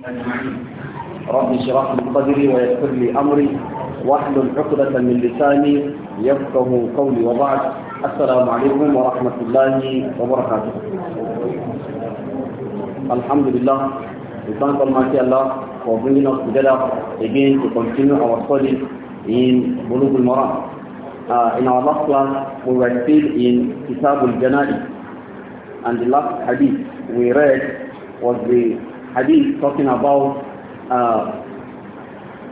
رب اشرح لي صدري ويسر لي امري واحلل عقدة من لساني يفقه قولي وبعد السلام عليكم ورحمة الله وبركاته الحمد لله we thank Almighty Allah for bringing us together again to continue our study in Bulugh al-Maram. Uh, in our last class, we were still in Kitab al-Janari and the last hadith we read was the hadith talking about uh,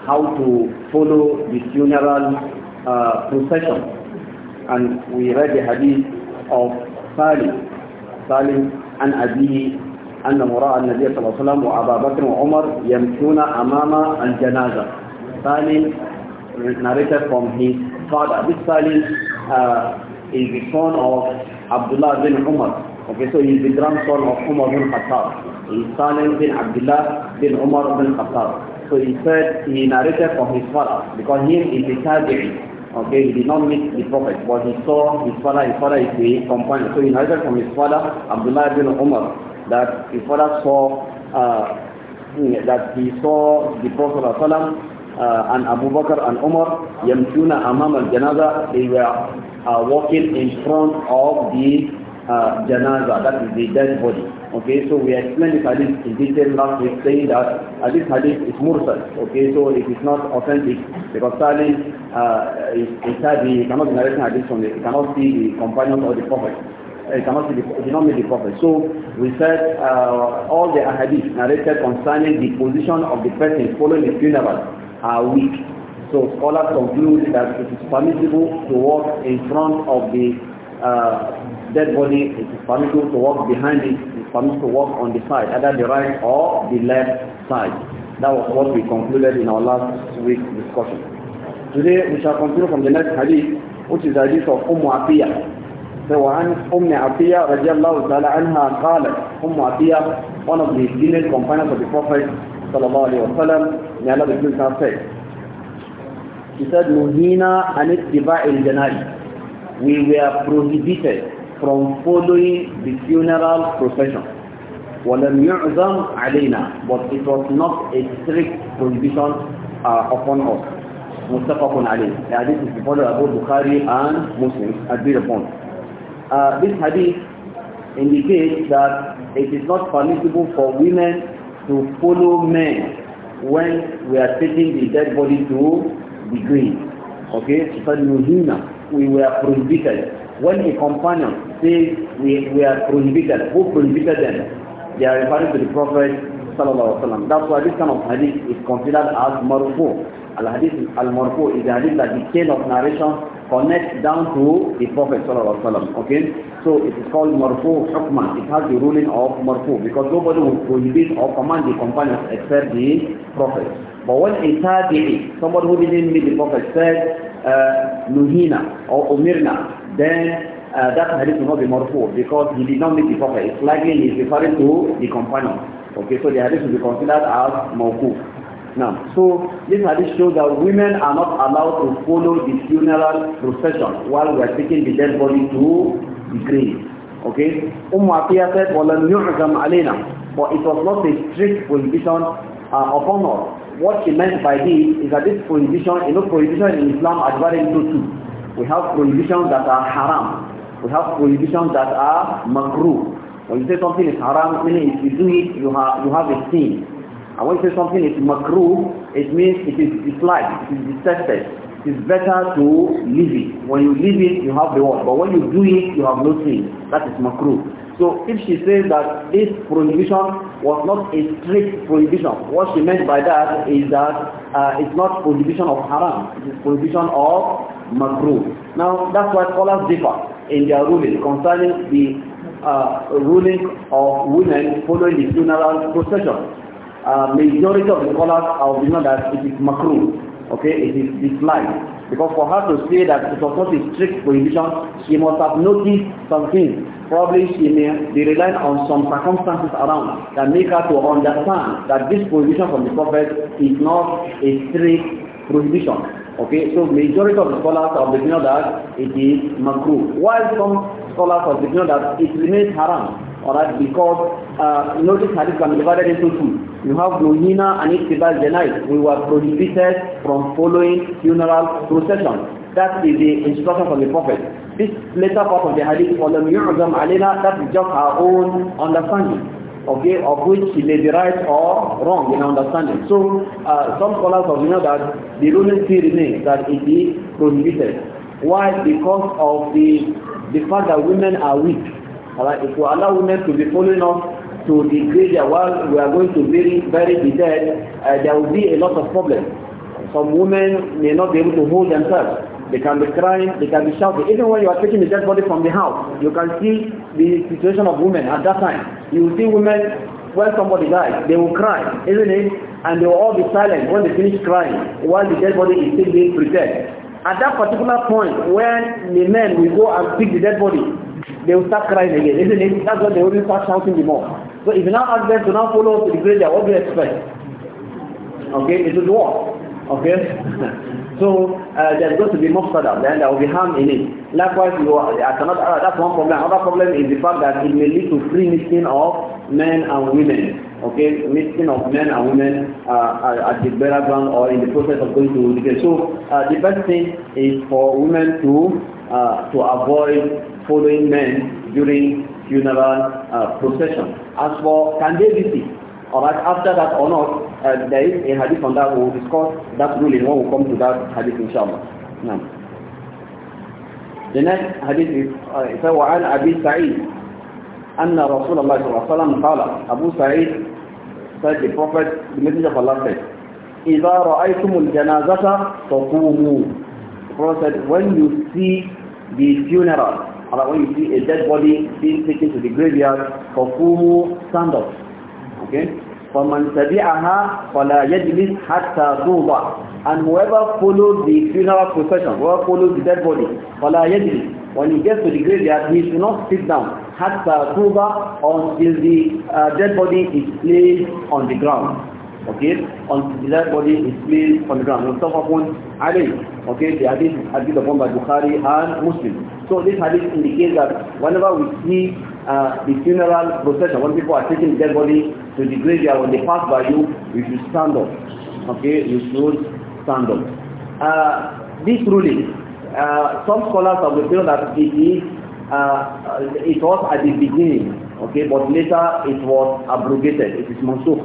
how to follow the funeral uh, procession. And we read the hadith of Salim, Salim and Abi أنه رأى النبي صلى الله عليه وسلم وأبا بكر وعمر يمشون أمام الجنازة Salim narrated from his father. This Salim uh, is the son of Abdullah bin Umar. Okay, so he's the grandson of Umar bin Khattab is Salim bin Abdullah bin Umar bin Khattab. So he said, he narrated from his father, because him is a tabi'i. Okay, he did not meet the Prophet, but he saw his father, his father is the companion. So he narrated from his father, Abdullah bin Umar, that his father saw, uh, hmm, that he saw the Prophet uh, and Abu Bakr and Umar, Yamtuna Amam al-Janaza, they were uh, walking in front of the uh, Janaza, that is the dead body. Okay, so we explained this hadith in detail last week saying that this hadith is mursal. Okay, so it is not authentic because Sali uh, is, is he cannot narrate hadith from it. he cannot see the companions or the prophet. He cannot see the, he cannot meet the prophet. So we said uh, all the hadith narrated concerning the position of the person following the funeral are weak. So scholars conclude that it is permissible to walk in front of the uh, dead body, it is permissible to walk behind it, for me to walk on the side, either the right or the left side. That was what we concluded in our last week's discussion. Today we shall continue from the next hadith, which is the hadith of Umm Atiya. So وعن أم عطية رضي الله تعالى عنها قالت أم عطية one of the female companions of the Prophet صلى الله عليه وسلم may Allah be pleased said she said نهينا عن اتباع الجنائز we were prohibited from following the funeral procession. وَلَمْ يُعْزَمْ عَلَيْنَا But it was not a strict prohibition uh, upon us. مُتَّفَقٌ عَلَيْهِ The hadith is reported about Bukhari and Muslims agreed upon. Uh, this hadith indicates that it is not permissible for women to follow men when we are taking the dead body to the grave. Okay, so we were prohibited when a companion says we, we are prohibited, who prohibited them? They are referring to the Prophet That's why this kind of hadith is considered as marfu. Al-hadith al-marfu is a hadith that the chain of narration connects down to the Prophet Okay? So it is called marfu hukman. It has the ruling of marfu because nobody will prohibit or command the companions except the Prophet. But when a tabi'i, somebody who didn't meet the Prophet said, uh, nuhina or umirna, then uh, that hadith will not be marfu because he did not meet the prophet. It's likely he is referring to the companion. Okay, so the hadith will be considered as mawkuf. Now, so this hadith shows that women are not allowed to follow the funeral procession while we are taking the dead body to the grave. Okay, Umm Atiyah said, وَلَمْ يُعْزَمْ عَلَيْنَا But it was not a strict prohibition uh, upon us. What she meant by this is that this prohibition, you know, prohibition in Islam adhering to two. We have prohibitions that are haram. We have prohibitions that are makruh. When you say something is haram, meaning if you do it, you have, you have a sin. And when you say something is makruh, it means it is disliked, it is detested. It is better to leave it. When you leave it, you have the word. But when you do it, you have no sin. That is makruh. So if she says that this prohibition was not a strict prohibition, what she meant by that is that uh, it's not prohibition of haram, it is prohibition of makruh. Now that's why scholars differ in their ruling concerning the uh, ruling of women following the funeral procession. Uh, majority of the scholars are of that it is makruh, okay, it is disliked. Because for her to say that it was not a strict prohibition, she must have noticed something. Probably she may be relying on some circumstances around that make her to understand that this prohibition from the Prophet is not a strict prohibition. Okay, so majority of the scholars of the opinion that it is makruh. While some scholars of the opinion that it remains haram. Alright, because uh, notice hadith can be divided into two. You have Nuhina and Iqtibal Janai. We were prohibited from following funeral procession. That is the instruction from the Prophet. This later part of the hadith, وَلَمْ يُعْزَمْ عَلَيْنَا That is just our own understanding okay, of which he may be right or wrong in understanding. So uh, some scholars have know that the ruling still remains that it is prohibited. Why? Because of the the fact that women are weak. Right? If we allow women to be following us to the graveyard while we are going to bury, bury the dead, uh, there will be a lot of problems. Some women may not be able to hold themselves. They can be crying, they can be shouting. Even when you are taking the dead body from the house, you can see the situation of women at that time. You will see women when somebody dies, they will cry, isn't it? And they will all be silent when they finish crying, while the dead body is still being prepared. At that particular point, when the men will go and pick the dead body, they will start crying again, isn't it? That's why they will start shouting the more. So if you now ask them to now follow to the grave, what do you expect? Okay, it will work. Okay? so uh, there's going to be mufsada, then there will be harm in it. Likewise, you are, I cannot, uh, that's one problem. Another problem is the fact that it may lead to free mixing of men and women. Okay, mixing of men and women uh, at the burial ground or in the process of going to the So uh, the best thing is for women to uh, to avoid following men during funeral uh, procession. As for can Alright, after that or not, uh, there is a hadith on that, we will discuss that ruling when we come to that hadith inshallah. Now. The next hadith is, uh, it says, وعن أبي سعيد أن رسول الله صلى الله عليه وسلم قال أبو سعيد said the Prophet, the Messenger of Allah said, إذا رأيتم الجنازة فقوموا. The Prophet said, when you see the funeral, or when you see a dead body being taken to the graveyard, فقوموا, stand up. Okay? فَمَنْ تَبِعَهَا فَلَا يَجْلِسْ حَتَّى تُوضَعْ And whoever follows the funeral procession, whoever follows the dead body, فَلَا يَجْلِسْ When he gets to the graveyard, he should not sit down حَتَّى تُوضَعْ until the uh, dead body is placed on the ground. Okay? Until the dead body is placed on the ground. Mustafa upon Ali. Okay? The hadith is hadith upon by Bukhari and Muslim. So this hadith indicates that whenever we see uh, the funeral procession, when people are taking dead body to the graveyard, when they pass by you, you should stand up. Okay, you should stand up. Uh, this ruling, uh, some scholars have revealed that it is, uh, it was at the beginning, okay, but later it was abrogated. It is mansukh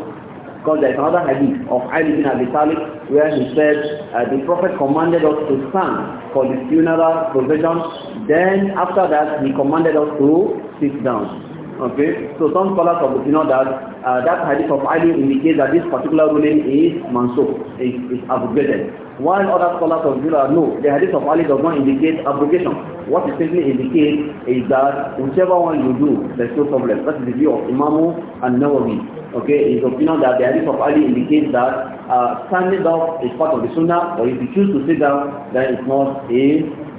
because there is another hadith of Ali in Abi Talib where he said uh, the Prophet commanded us to stand for the funeral procession. Then after that he commanded us to Sit down. Okay, so some scholars of the know that uh, that hadith of Ali indicates that this particular ruling is mansuk, is, is abrogated. While other scholars of Zira no, the hadith of Ali does not indicate abrogation. What it simply indicates is that whichever one you do, there's no problem. That is the view of Imam and Nawawi. Okay, the opinion that the hadith of Ali indicates that uh, standing up is part of the sunnah, but if you choose to sit down, then it's not a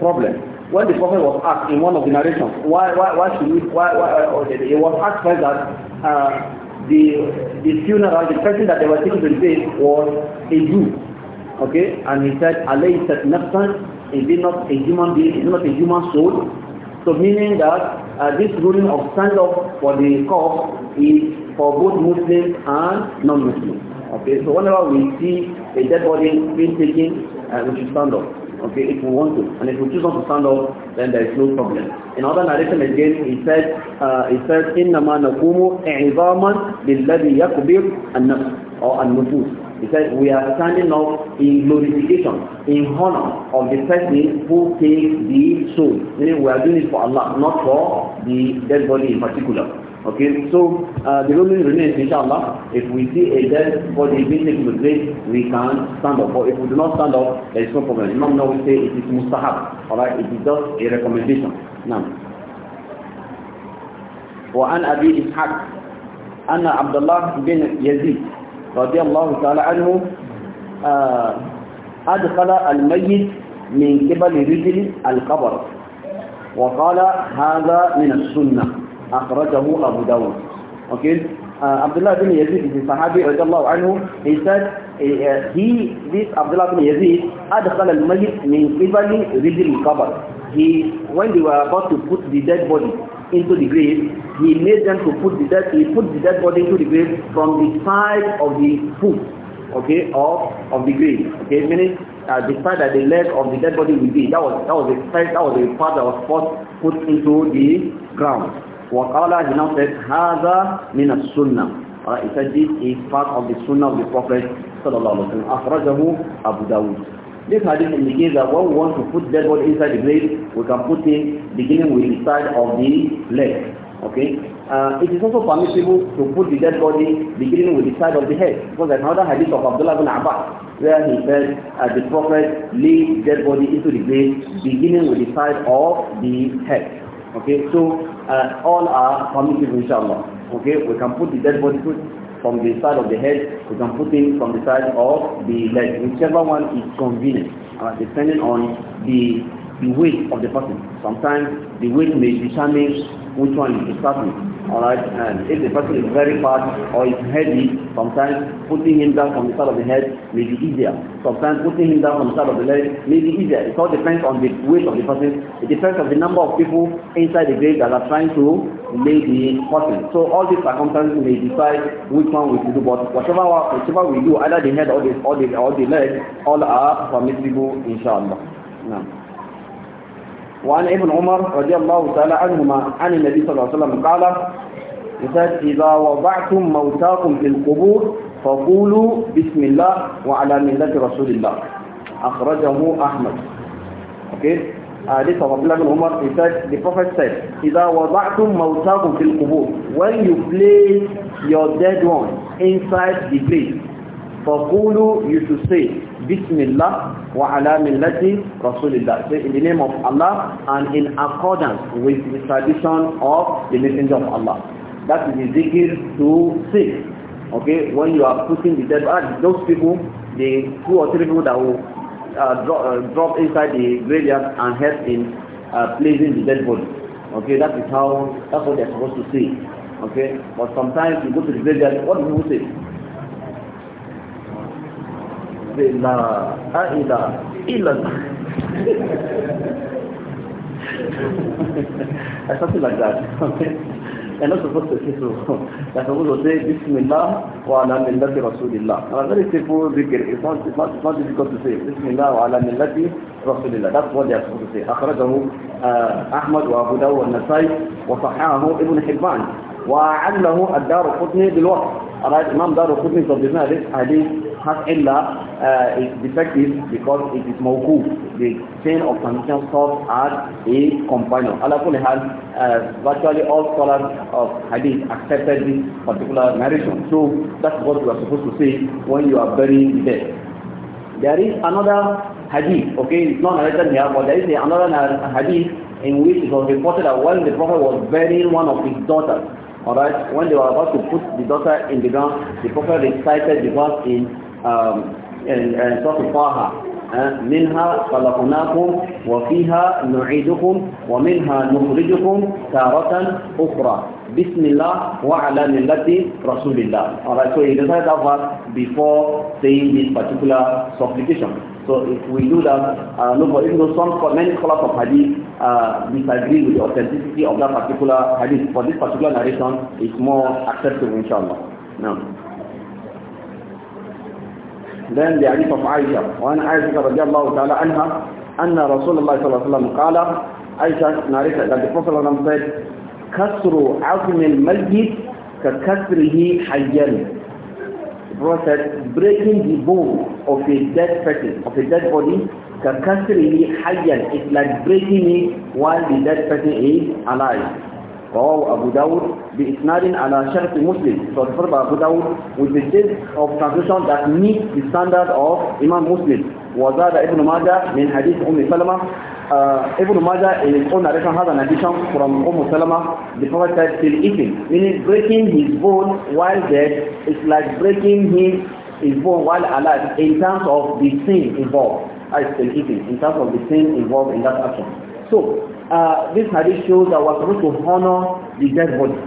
problem when the prophet was asked in one of the narrations, why, why, why should we, why, why, or the, it was asked first that uh, the, the funeral, the person that they were taking to the grave was a Jew. Okay, and he said, Allah said, Nafsan, is it not a human being, is it not a human soul? So meaning that uh, this ruling of stand-up for the cause is for both Muslims and non-Muslims. Okay, so whenever we see a dead body being taken, uh, we should stand up. okay, if we want to. And if we choose not to stand up, then there is no problem. In other narration again, he said, uh, he said, إِنَّمَا نَقُومُ إِعْظَامًا لِلَّذِي يَقْبِرْ النَّفْسِ or النُّفُوسِ He said, we are standing up in glorification, in honor of the person who takes the soul. Meaning we are doing it for Allah, not for the dead body in particular. Okay, so uh, the only remains, inshallah, if we see a dead body being liquid, we can stand up. Or if we do not stand up, there is no problem. Imam now will say it is mustahab. Alright, it is just a recommendation. Now. وعن أبي إسحاق أن عبد الله بن يزيد رضي الله تعالى عنه أدخل الميت من قبل رجل القبر وقال هذا من السنة أخرجه أبو داود. Okay, عبد الله بن يزيد، is صحابي رضي الله عنه، He said eh, eh, he, this عبد الله بن يزيد أدخل الميت من qibali رجل qabr. He, when they were about to put the dead body into the grave, he made them to put the dead, he put the dead body into the grave from the side of the foot, okay, of, of the grave. Okay, meaning uh, the side that the leg of the dead body will be. That was, that was the side, that was the part that was first put into the ground. Waqala he هذا من Hada min sunnah. Alright, uh, he said this is part of the sunnah of the Prophet sallallahu alayhi wa sallam. Abu Dawud. This hadith indicates that when we want to put dead body inside the grave, we can put it beginning with the side of the leg. Okay? Uh, it is also permissible to put the dead body beginning with the side of the head. Because another hadith of Abdullah ibn Abbas where he said uh, the Prophet laid dead body into the grave beginning with the side of the head. Okay, so uh, all are permitted inshallah. Okay, we can put the dead body put from the side of the head, we can put it from the side of the leg, whichever one is convenient, uh, depending on the the weight of the person. Sometimes the weight may determine which one is the All right, and if the person is very fat or is heavy, sometimes putting him down from the side of the head may be easier. Sometimes putting him down from the side of the leg may be easier. It all depends on the weight of the person. It depends on the number of people inside the grave that are trying to lay the person. So all these circumstances may decide which one we should do. But whatever whatever we do, either the head or the or the or the leg, all are permissible inshallah. Now. وعن ابن عمر رضي الله تعالى عنهما عن النبي صلى الله عليه وسلم قال إذا وضعتم موتاكم في القبور فقولوا بسم الله وعلى ملة رسول الله أخرجه أحمد أوكي uh, this of Abdullah bin Umar the prophet said إذا وضعتم موتاكم في القبور when you place your dead one inside the grave فقولوا you should say Bismillah wa ala millati Rasulillah. Say in the name of Allah and in accordance with the tradition of the messenger of Allah. That is the zikr to say. Okay, when you are putting the dead, those people, the two or three people that will uh, drop, uh, drop inside the graveyard and help in uh, placing the dead body. Okay, that is how, that's what they are supposed to say. Okay, but sometimes you go to the graveyard, what do people say? رب لا إله إلا الله I something like that. You're not supposed to say so. You're supposed to say Bismillah wa ala millati Rasulillah. And I'm very simple dhikr. It's not, it's not, it's not difficult to say. Bismillah wa ala millati Rasulillah. That's what they are supposed to say. أخرجه أحمد وأبو داود والنسائي وصححه ابن حبان وعله الدار قطني بالوقت. الإمام دار قطني صدقنا هذا الحديث has illa, uh, is defective because it is mawku. The chain of transmission stops as a companion. Allah has uh, virtually all scholars of hadith accepted this particular narration. So that's what you are supposed to say when you are burying the dead. There is another hadith, okay, it's not narrated here, but there is another hadith in which it was reported that when the Prophet was burying one of his daughters, Alright, when they were about to put the daughter in the ground, the prophet recited the verse in سورة طه منها خلقناكم وفيها نعيدكم ومنها نخرجكم تارة أخرى بسم الله وعلى millati رسول الله. Alright, so he recited that verse before saying this particular supplication so if we do that uh, no but even though some many scholars of hadith uh, disagree with the authenticity of that particular hadith for this particular narration it's more acceptable inshallah now لأن لحديث عائشة وأن عائشة رضي الله تعالى عنها أن رسول الله صلى الله عليه وسلم قال عائشة ناريخة قد فصل نمسيد كسر عظم المسجد ككسره حيا Prophet breaking the bone of a dead person, of a dead body, ككسره حيا. It's like breaking it while the dead person is alive. رواه أبو داود بإسناد على شرط مسلم so referred by Abu Dawud with the sense of translation that meets the standard of Imam Muslim وزاد ابن ماجه من حديث أم سلمة uh, Ibn Majah in his own narration has an addition from Umm Salama, the Prophet said, till eating, meaning breaking his bone while dead is like breaking him, his bone while alive in terms of the sin involved, as till eating, in terms of the sin involved in that action. So, uh, this hadith shows that we're supposed to honor the dead body.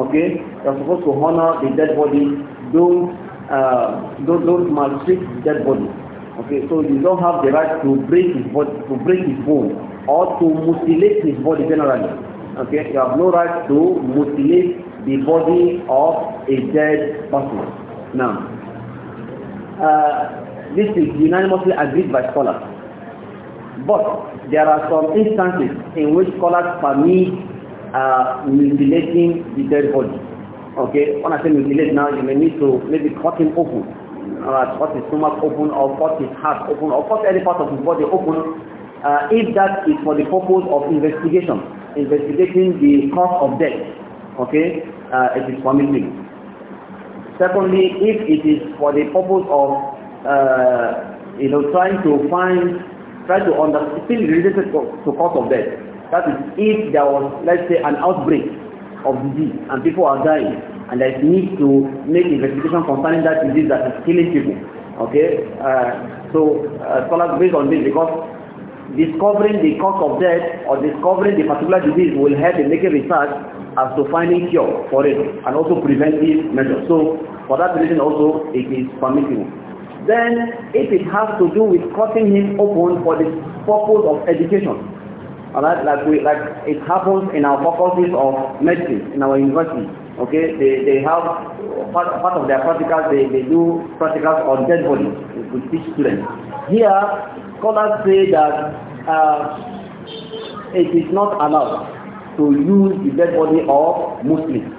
Okay? We're supposed to honor the dead body. Don't, uh, don't, don't maltreat the dead body. Okay, so you don't have the right to break his body, to break his bone or to mutilate his body generally. Okay, you have no right to mutilate the body of a dead person. Now, uh, this is unanimously agreed by scholars. But there are some instances in which scholars permit uh, mutilating the dead body. Okay, when I say mutilate now, you may need to maybe cut him open, uh, cut his stomach open, or cut his heart open, or cut any part of his body open, uh, if that is for the purpose of investigation, investigating the cause of death. Okay, uh, it is permitted. Secondly, if it is for the purpose of uh, you know trying to find try to understand, still related to, to cause of death. That is, if there was, let's say, an outbreak of disease and people are dying, and there is need to make investigation concerning that disease that is killing people. Okay, uh, so uh, based on this because discovering the cause of death or discovering the particular disease will help in making research as to finding cure for it and also preventive measures. So for that reason also it is permissible then if it has to do with cutting him open for the purpose of education, alright, like we, like it happens in our faculties of medicine, in our university, okay, they, they have part, part of their practicals, they, they do practicals on dead bodies with teach students. Here, scholars say that uh, it is not allowed to use the dead body of Muslims.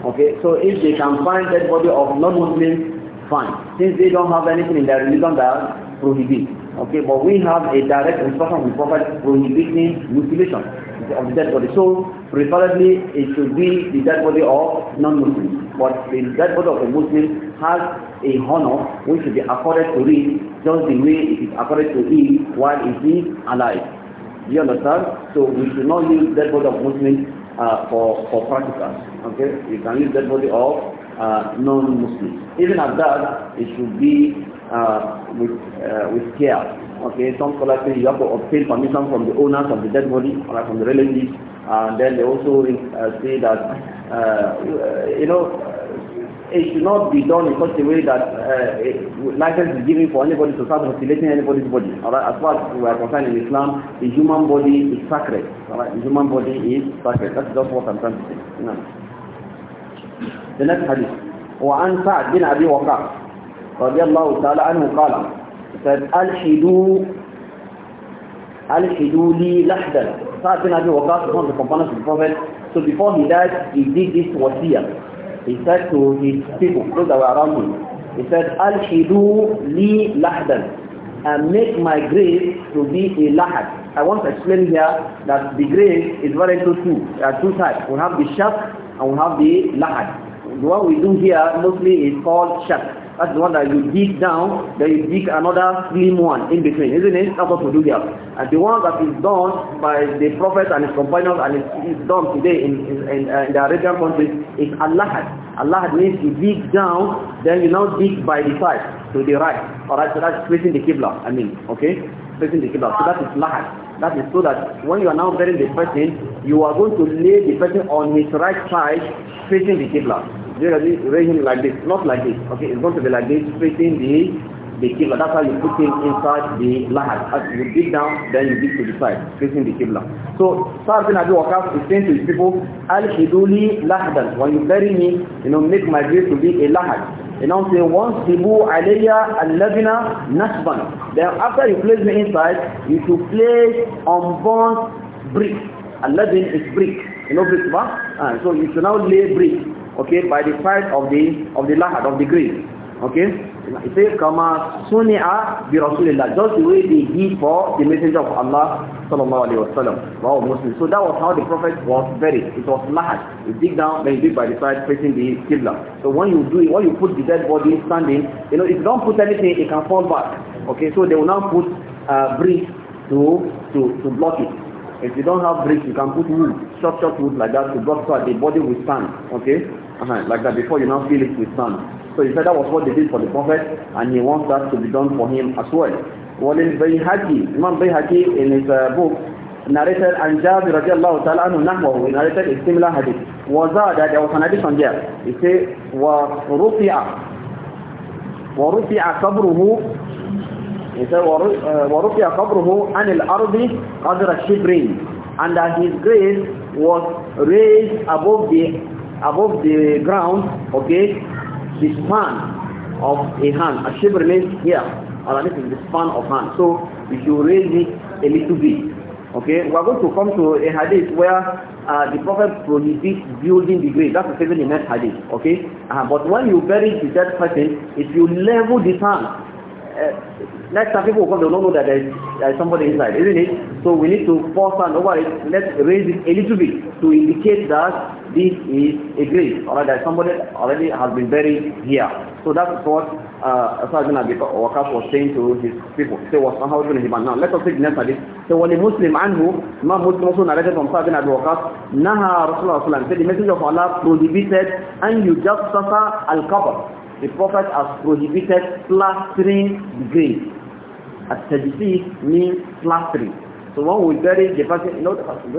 Okay, so if they can find dead body of non-Muslims, fine. Since they don't have anything in their religion that prohibits. Okay, but we have a direct instruction from Prophet prohibiting mutilation of the dead body. So, preferably, it should be the dead body of non-Muslims. But the dead body of a Muslim has a honor which should be accorded to it just the way it is accorded to it while it is alive. you understand? So we should not use dead body of Muslims uh, for, for practicals. Okay? You can use dead body of uh, non-Muslims. Even at that, it should be uh, with, uh, with care. Okay, some scholars you have to obtain permission from the owners of the dead body or from the relatives. And then they also uh, say that, uh, you know, it should not be done in such a way that uh, license is given for anybody to start mutilating anybody's body. All right, as far as we are concerned in Islam, the human body is sacred. All right, the human body is sacred. That's just what I'm trying to say. You know? the حديث وعن سعد بن أبي وقاص رضي الله تعالى عنه قال فالحدوا الحدو لي لحدا سعد بن أبي وقاص was one of the companions of the Prophet. So before he died, he did this wasiya He said to his people, those that were around him, he said, الحدو لي لحدا and make my grave to be a lahad. I want to explain here that the grave is very into two. There are two types. We have the shaf and we have the lahad. What we do here mostly is called shak. That's the one that you dig down, then you dig another slim one in between, isn't it? That's what we do here. And the one that is done by the prophet and his companions and is done today in, in, in, uh, in the Arabian countries is Allah. Allah means you dig down, then you now dig by the side, to the right. Alright, so that's facing the Qibla, I mean, okay? Facing the Qibla. So that is Lahat. That is so that when you are now burying the person, you are going to lay the person on his right side facing the Qibla. generally raising like this, not like this. Okay, it's going to be like this, facing the the kibla. That's how you put him inside the lahat. As you dig down, then you dig to the side, facing the kibla. So Sa'ad bin Abi Waqas is saying to his people, Al-Hiduli lahdan. When you bury me, you know, make my grave to be a lahat. And know, say, once Sibu Aliyah al-Labina Nashban. Then after you place me inside, you should place unburnt brick. Al-Labin is brick. You know brick, right? Uh, ah, so you should now lay brick okay by the side of the of the lahad of the grave okay it says kama suni'a bi rasulillah just the way they did for the messenger of Allah sallallahu alaihi wasallam wow muslim so that was how the prophet was buried it was lahad you dig down then you dig by the side facing the qibla so when you do it when you put the dead body standing you know if you don't put anything it can fall back okay so they will now put uh, bricks to to to block it If you don't have bricks, you can put wood, structured wood like that to block so that the body will stand, Okay? Uh-huh. Like that before you now feel it with sand. So he said that was what they did for the Prophet and he wants that to be done for him as well. ولل بيهقي Imam Bayhaqi in his uh, book narrated and Jabir radiallahu ta'ala anhu nahwahu he narrated a similar hadith وزاد there was an addition there he said ورفع ورفع قبره He said, قَبْرُهُ عَنِ الْأَرْضِ قَدْرَ الشِّبْرِينَ And that his grave was raised above the above the ground, okay, the span of a hand. A shibr means here, or this is the span of hand. So if you raise it a little bit, okay, we are going to come to a hadith where uh, the Prophet prohibits building the grave. That's the second in that hadith, okay. Uh, but when you bury the dead person, if you level the hand. Eh, next time people will come, they will not know that there is, there is somebody inside, isn't it? So we need to force and over it. Let's raise it a little bit to indicate that this is a grave. Alright, that somebody already has been buried here. So that's what uh, Sergeant Abi Waqas was saying to his people. Say, was somehow doing him. Now, let us take the next hadith. So when a Muslim anhu, ma Muslim also narrated from Sergeant Abi Waqas, Naha Rasulullah said, the message of Allah prohibited and you just suffer al-qabr the Prophet has prohibited plastering the grave. At-tajsid means plastering. So when we bury the person, you know,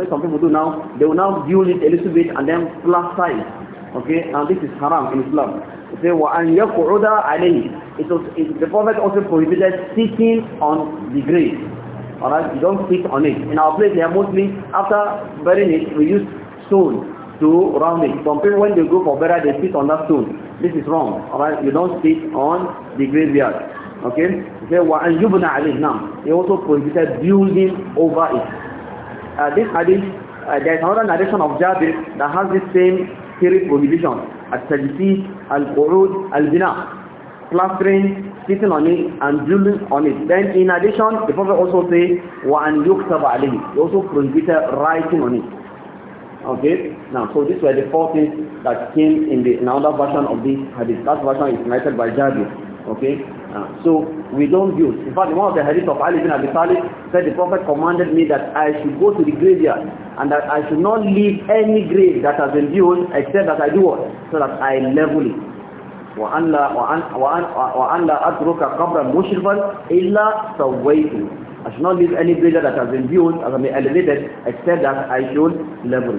some people do now, they will now build it a little bit and then plaster it. Okay, and this is haram in Islam. They say, وَأَنْ يَقْعُدَ عَلَيْهِ it was, it, The Prophet also prohibited sitting on the grave. Alright, you don't sit on it. In our place they are mostly after burying it, we use stone to round it. Some people, when they go for burial, they sit on that stone. This is wrong. All right? You don't sit on the graveyard. Okay? He said, وَأَنْ يُبْنَ عَلَيْهِ نَعْمُ He also prohibited building over it. Uh, this hadith, uh, there is another narration of Jabir that has the same spirit prohibition. Al-Tajisi, Al-Qurud, al dinah, Plastering, sitting on it, and building on it. Then in addition, the Prophet also wa an yuktaba عَلَيْهِ He also prohibited writing on it. Okay? Now, so these were the four things that came in the another version of this hadith. That version is narrated by Jabir. Okay? Uh, so, we don't use. In fact, one of the hadith of Ali bin Abi Talib said the Prophet commanded me that I should go to the graveyard and that I should not leave any grave that has been viewed except that I do what? So that I level it. وأن لا أترك قبرا مشرفا إلا سويته I should not leave any builder that has been built as been elevated except that I should level.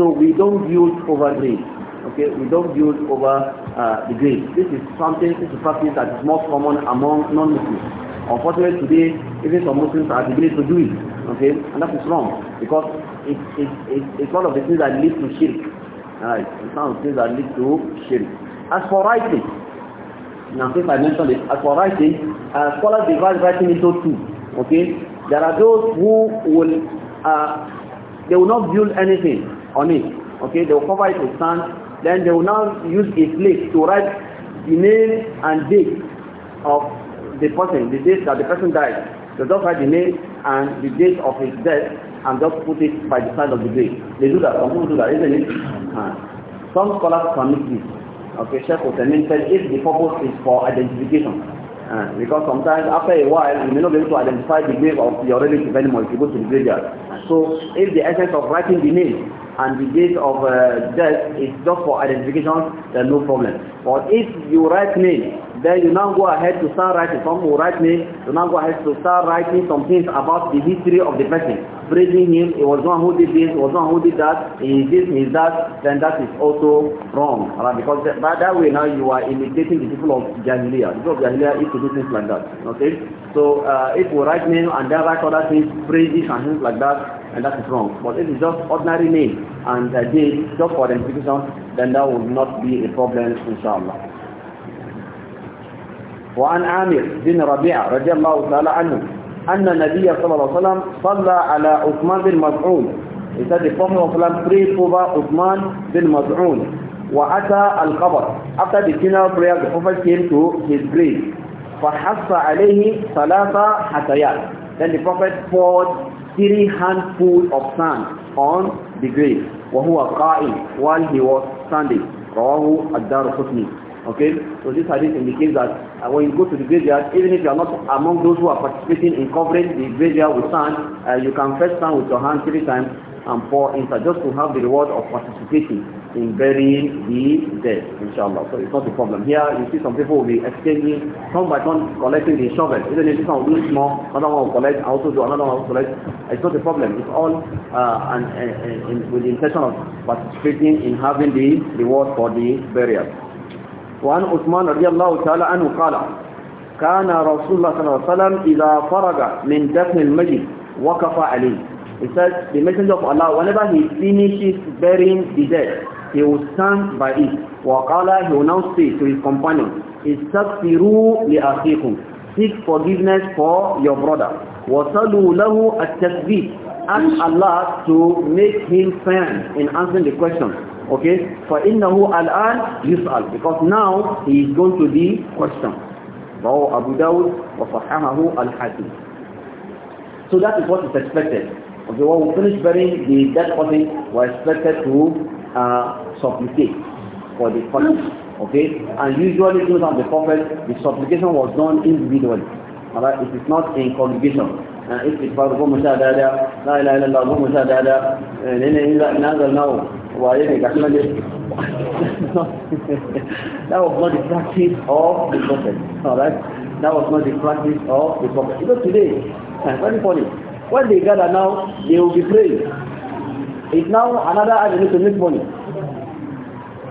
So we don't build over grade. Okay, we don't build over uh, the grade. This is something, this is a practice that is more common among non-Muslims. Unfortunately today, even some Muslims are beginning to do it. Okay, and that is wrong because it, it, it, it's one of the things that lead to shirk. Alright, it's one of the things that lead to shirk. As for writing, now since I mentioned it, as for writing, uh, scholars divide writing into two. Okay? There are those who will, uh, they will not build anything on it. Okay? They will cover it with sand. Then they will now use a slate to write the name and date of the person, the date that the person died. They just write the name and the date of his death and just put it by the side of the grave. They do that. Some people do that, isn't it? Uh, some scholars commit this. Okay, Sheikh Hussein said if the purpose is for identification, uh, because sometimes after a while you may not be able to identify the grave of your relative anymore if you go to the graveyard. So if the essence of writing the name and the date of uh, death is just for identification, then no problem. But if you write name then you now go ahead to start writing. Some will write me, you now go ahead to start writing some things about the history of the person. Praising him, he was one who did this, he was one who did that, he is this, he is that, then that is also wrong. Right? Because that, that way now you are imitating the people of Jahiliyyah. The people of Jahiliyyah used to do things like that. Okay? So uh, if we write name and then write other things, praises and things like that, and that is wrong. But if it's just ordinary name and uh, date just for identification, then that would not be a problem, inshallah. وعن عامر بن ربيعة رضي الله تعالى عنه أن النبي صلى الله عليه وسلم صلى على عثمان بن مزعون He said the Prophet of Islam prayed over Uthman وأتى القبر After the funeral prayer the Prophet came to his grave فحص عليه ثلاثة حتيات Then the Prophet poured three handful of sand on the grave وهو قائم while he was standing رواه الدار قطني Okay, so this hadith indicates that uh, when you go to the graveyard, even if you are not among those who are participating in covering the graveyard with sand, uh, you can first stand with your hand three times and pour inside just to have the reward of participating in burying the dead, inshallah. So it's not a problem. Here you see some people will be exchanging, turn by turn collecting the shovel. Even if this one will do small, another one will collect, I also do another one will collect. It's not a problem. It's all uh, and, and, and, with the intention of participating in having the reward for the burial. وعن عثمان رضي الله تعالى عنه قال كان رسول الله صلى الله عليه وسلم إذا فرغ من دفن المجد وقف عليه He said, the messenger of Allah, whenever he finishes burying the dead, he will stand by it. وَقَالَ He will now say to his companion, استغفروا لأخيكم Seek forgiveness for your brother. وَصَلُوا لَهُ التَّثْبِيت Ask Allah to make him firm in answering the question. okay فإنه الآن يسأل because now he is going to be questioned رواه أبو داود وصححه الحاكم so that is what is expected okay when we finish burying the dead body, we are expected to uh, supplicate for the prophet. okay and usually of the prophet the supplication was done individually alright it is not in congregation istighfar goma sha la ilaha illallah goma sha eh, ne ne ina zarnawo waye ne ga sunan dai that was not the practice of the prophet all right that was not the practice of the prophet even today very funny when they gather now they will be praying it's now another avenue to make money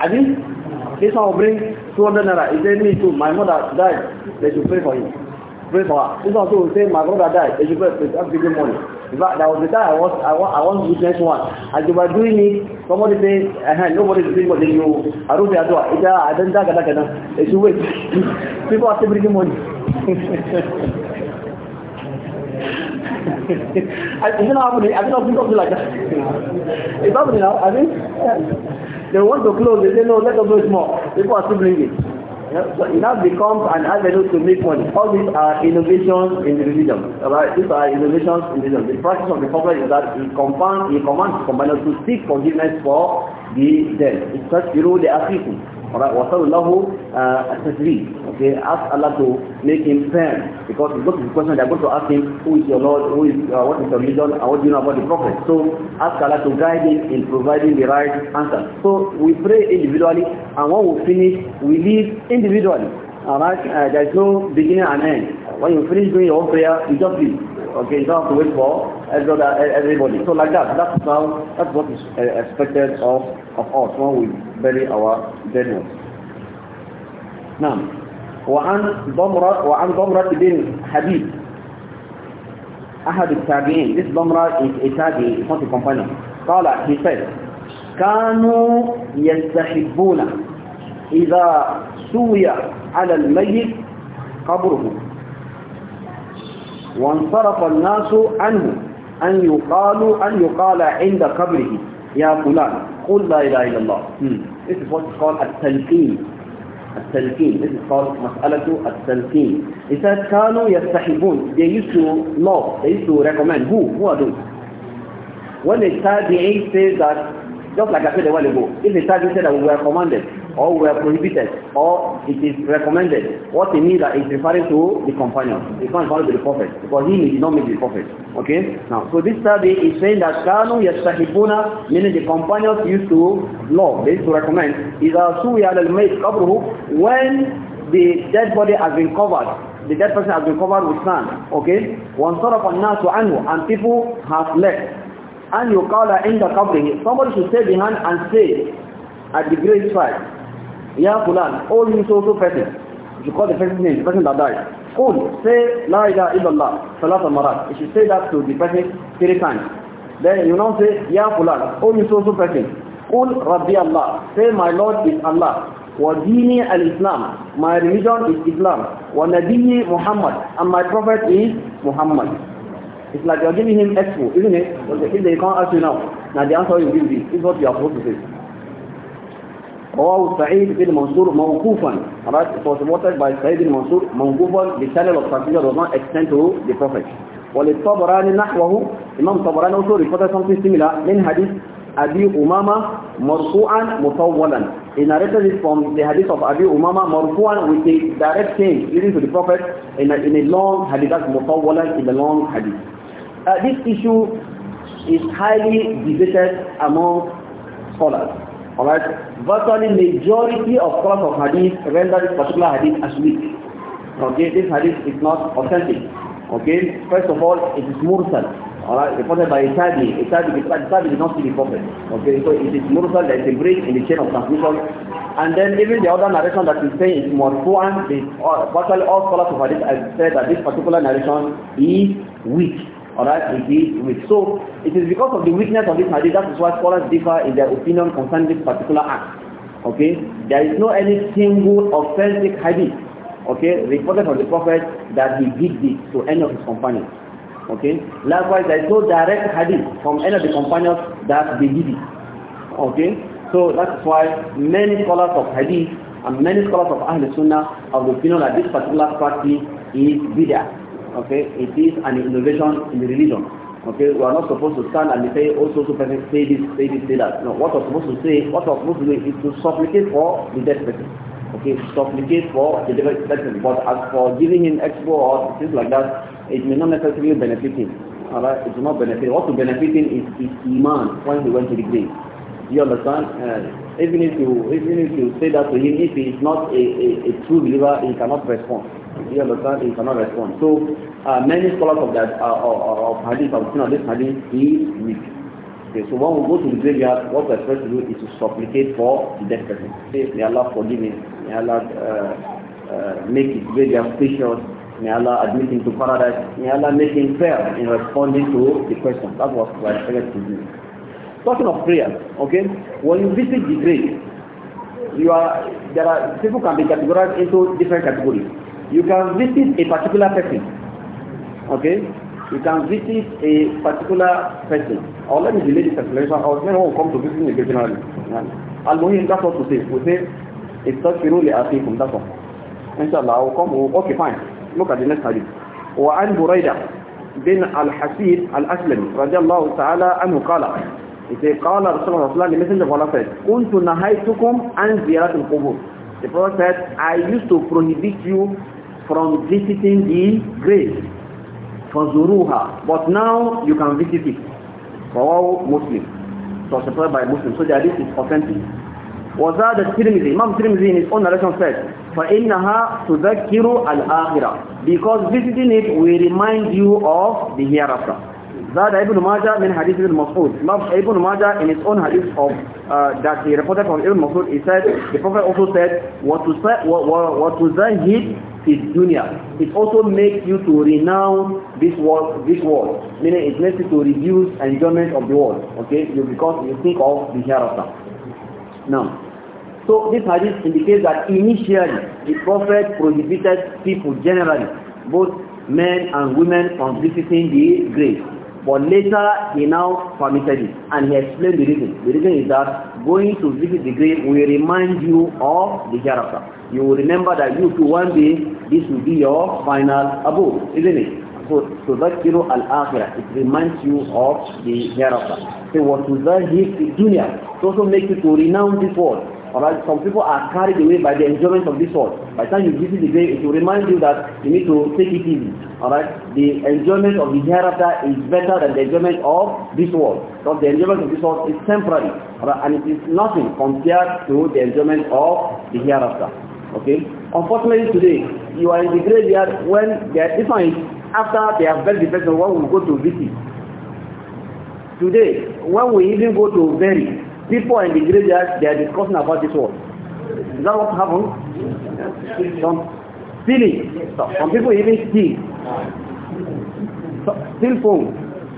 Adi, this one will bring 200 naira. Is there me too? My mother died. They should pray for him. pray for her. This one too say my brother died. They should pray for him. Give money. In fact, there was a time I was I want I want to next one. As they were doing it, somebody say, uh, uh-huh, nobody is doing what they do. I don't say I It's a, ah, I don't die kada kada. They should wait. People are still bringing money. I think not happening. I think not people like that. it's happening now. I think yeah. they want to close. They say no. Let us do it more. People are still bringing. it. So it now becomes an avenue to make money. All these are innovations in religion. Right? These are innovations in religion. The practice of the Prophet is that he, command, he commands companions to seek forgiveness for the dead. It's such, you know, the African. Alright, وَصَلُ Okay, ask Allah to make him firm because it's got the question they're going to ask him, who is your Lord, who is, uh, what is your religion, and what do you know about the Prophet. So ask Allah to guide him in providing the right answer. So we pray individually and when we finish, we leave individually. Alright, uh, there's no beginning and end. When you finish doing your own prayer, you just leave. Okay, you don't have to wait for everybody. So like that, that's now, that's what is expected of, of us when we bury our dead ones. Now, وعن ضمرة وعن ضمرة بن حبيب أحد التابعين this ضمرة is a tabi, it's not a companion قال he said كانوا يستحبون إذا سوي على الميت قبره وانصرف الناس عنه أن يقال أن يقال عند قبره يا فلان قل لا إله إلا الله This is what is called التلقين التلقين This is called مسألة التلقين It says كانوا يستحبون They used to love They used to recommend Who? Who are those? When a tabi'i says that Just like I said a while ago, if the charge said that we were commanded or we were prohibited or it is recommended, what he means that it's referring to the companion. It's not referring to the prophet because he did not make the prophet. Okay? Now, so this study is saying that Kanu Yastahibuna, meaning the companions used to love, they used to recommend, is a Suya al Mait Kabruhu when the dead body has been covered the dead person has been covered with sand. Okay? One sort of an nasu anhu and people have left and you call her in the company. Somebody should stay behind and say at the grave side, Ya Fulan, all you so so person. You call the person's name, the person that died. Qul, say La ilaha illallah, salat al-marat. You should say that to the person three times. Then you now say, Ya Fulan, all you so so person. Qul Rabbi Allah, say my Lord is Allah. Wa dini al Islam, my religion is Islam Wa ونبيي Muhammad and my prophet is Muhammad It's like you're giving him expo, isn't it? If they can't ask you now, now the answer you give this is what you are supposed to say. رواه سعيد بن منصور موقوفا right it was reported by سعيد بن منصور موقوفا the channel of transmission does not extend to the prophet وللطبراني نحوه imam طبراني also reported something similar من hadith Abi Umama marfu'an mutawwalan. He narrated it from the hadith of Abi Umama marfu'an with the direct change leading to the Prophet in a, in a long hadith, that's mutawwalan in the long hadith. uh, this issue is highly debated among scholars. Alright, virtually majority of scholars of hadith render this particular hadith as weak. Okay, this hadith is not authentic. Okay, first of all, it is mursal. Alright, reported by Itabi. Itabi, Itabi did not see the prophet. Okay, so it is mursal, there is a break in the chain of transmission. And then even the other narration that we saying is marfu'an, uh, virtually all scholars of hadith have said that this particular narration is weak. alright, we did with. So it is because of the weakness of this hadith, that is why scholars differ in their opinion concerning this particular act. Okay? There is no any single authentic hadith, okay, reported from the Prophet that he did this to any of his companions. Okay? Likewise, there is no direct hadith from any of the companions that they did it. Okay? So that's why many scholars of hadith and many scholars of Ahl Sunnah have the opinion that this particular practice is bid'ah okay, it is an innovation in the religion. Okay, we are not supposed to stand and say, oh, so, so person, say this, say this, say that. No, what we're supposed to say, what we're supposed to do is to supplicate for the dead person. Okay, supplicate for the dead person. But as for giving him expo or things like that, it may not necessarily benefit him. Alright, it will not benefit. What benefiting benefit him is his iman when he went to the grave. You understand? Uh, even if you even if you say that to him, if he is not a, a, a true believer, he cannot respond. You understand? He cannot respond. So uh, many scholars of that uh, of, of hadith, of you this hadith is weak. Okay, so when we go to the graveyard, what we're supposed to do is to supplicate for the dead person. Say, may Allah forgive me. May Allah uh, uh, make his graveyard spacious. May Allah admit him to paradise. May Allah make him fair in responding to the question. That was what I expected to do. Talking of prayer, okay, when you visit the grave, you are there are people can be categorized into different categories. You can visit a particular person. Okay? You can visit a particular person. Or let me delay this explanation, or anyone will come to visit me occasionally. Al-Muhim, that's what to say. We say, it's such استغفروا from that one. Inshallah, I will come. Okay, fine. Look at the next hadith. وعن بريدة بن الحسيب الأسلمي رضي الله تعالى عنه قال إذا قال رسول الله صلى الله عليه وسلم كنت نهيتكم عن زيارة القبور The Prophet said, I used to prohibit you from visiting the grave فَزُرُوهَا but now you can visit it for all Muslims so supported by Muslims so that this is authentic Was that the الترمذي Imam Tirmidhi in his own narration says فَإِنَّهَا تُذَكِّرُ الْآخِرَةِ because visiting it will remind you of the hereafter That Ibn Majah من حديث ابن مسعود لفظ ابن ماجه in his own hadith of uh, that he reported from Ibn Mas'ud he said the prophet also said "What وَتُزَهِدْ في الدنيا it also makes you to renounce this world this world meaning it makes you to reduce enjoyment of the world okay you, because you think of the hereafter now so this hadith indicates that initially the prophet prohibited people generally both men and women from visiting the grave But later he now permitted it and he explained the reason. The reason is that going to visit the grave will remind you of the hereafter. You will remember that you too one day this will be your final abode, isn't it? So al الآخرة it reminds you of the hereafter. So what وتزهد الدنيا it also makes you to renounce this world Alright, some people are carried away by the enjoyment of this world. By the time you visit the grave, it will remind you that you need to take it easy. Alright, the enjoyment of the hereafter is better than the enjoyment of this world. Because the enjoyment of this world is temporary. Alright, and it is nothing compared to the enjoyment of the hereafter. Okay? Unfortunately today, you are in the graveyard when they are defined after they have buried the person, one will go to visit. Today, when we even go to bury, people in the graveyard, they are discussing about this war. Is that what happened? Some stealing. Some people even steal. So, steal phone.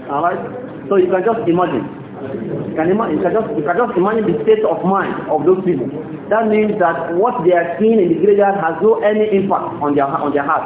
Alright? So you can just imagine. You can, imagine. you, can just, you can just imagine the state of mind of those people. That means that what they are seeing in the graveyard has no any impact on their on their heart.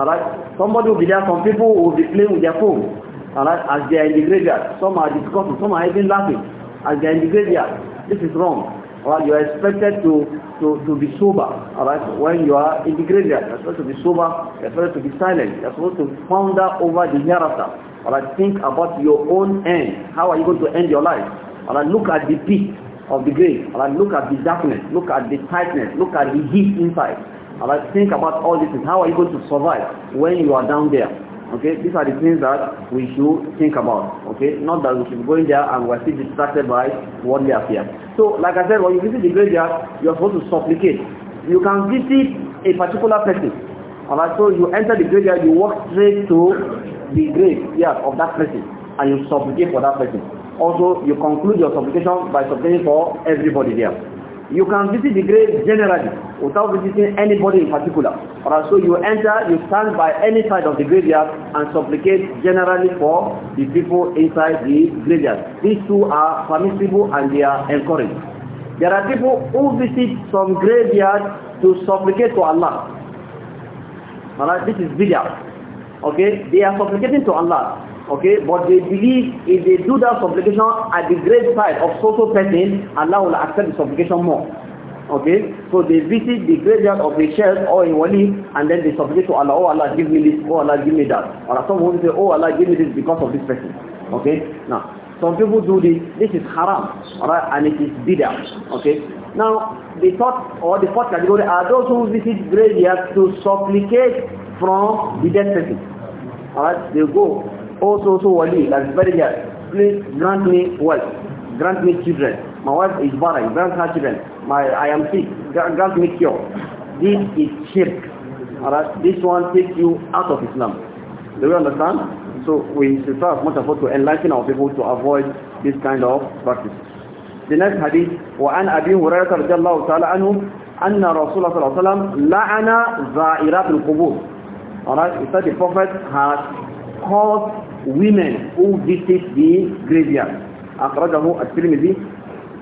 Alright? Somebody will be there, some people will be playing with their phone. Alright? As they are in the graveyard. Some are discussing, some are even laughing. and the individual. This is wrong. Alright, you are expected to, to, to be sober, alright, when you are in You're supposed to be sober, you're supposed to be silent, you're supposed to ponder over the hereafter. Alright, think about your own end. How are you going to end your life? Alright, look at the peak of the grave. Alright, look at the darkness, look at the tightness, look at the heat inside. Alright, think about all this. How are you going to survive when you are down there? Okay, these are the things that we should think about. Okay, not that we should go in there and we are still distracted by what worldly affairs. So, like I said, when you visit the graveyard, you are supposed to supplicate. You can visit a particular person. Alright, so you enter the graveyard, you walk straight to the grave yeah, of that person and you supplicate for that person. Also, you conclude your supplication by supplicating for everybody there. You can visit the grave generally without visiting anybody in particular. Or so you enter, you stand by any side of the graveyard and supplicate generally for the people inside the graveyard. These two are permissible and they are encouraged. There are people who visit some graveyard to supplicate to Allah. Alright, this is bid'ah. Okay, they are supplicating to Allah. Okay, but they believe if they do that supplication at the great side of social person, Allah will accept the supplication more. Okay, so they visit the graveyard of the sheikh or in wali and then they supplicate to Allah, oh Allah give me this, oh Allah give me that. Or some people say, oh Allah give me this because of this person. Okay, now some people do this, this is haram, alright, and it is bid'ah. Okay, now the third or the fourth category are those who visit graveyards to supplicate from the dead person. Alright, they go Also, so wali, that's very good. Please grant me wealth. Grant me children. My wife is barren. Grant her children. My, I am sick. Grant me cure. This is shirk. Alright? This one takes you out of Islam. Do you understand? So we should try as much as possible to enlighten our people to avoid this kind of practice. The next hadith, وعن أبي هريرة رضي الله تعالى عنه أن رسول الله صلى الله عليه وسلم لعن زائرات القبور. Alright, he said the Prophet has cause women who visit the graveyard أخرجه الترمذي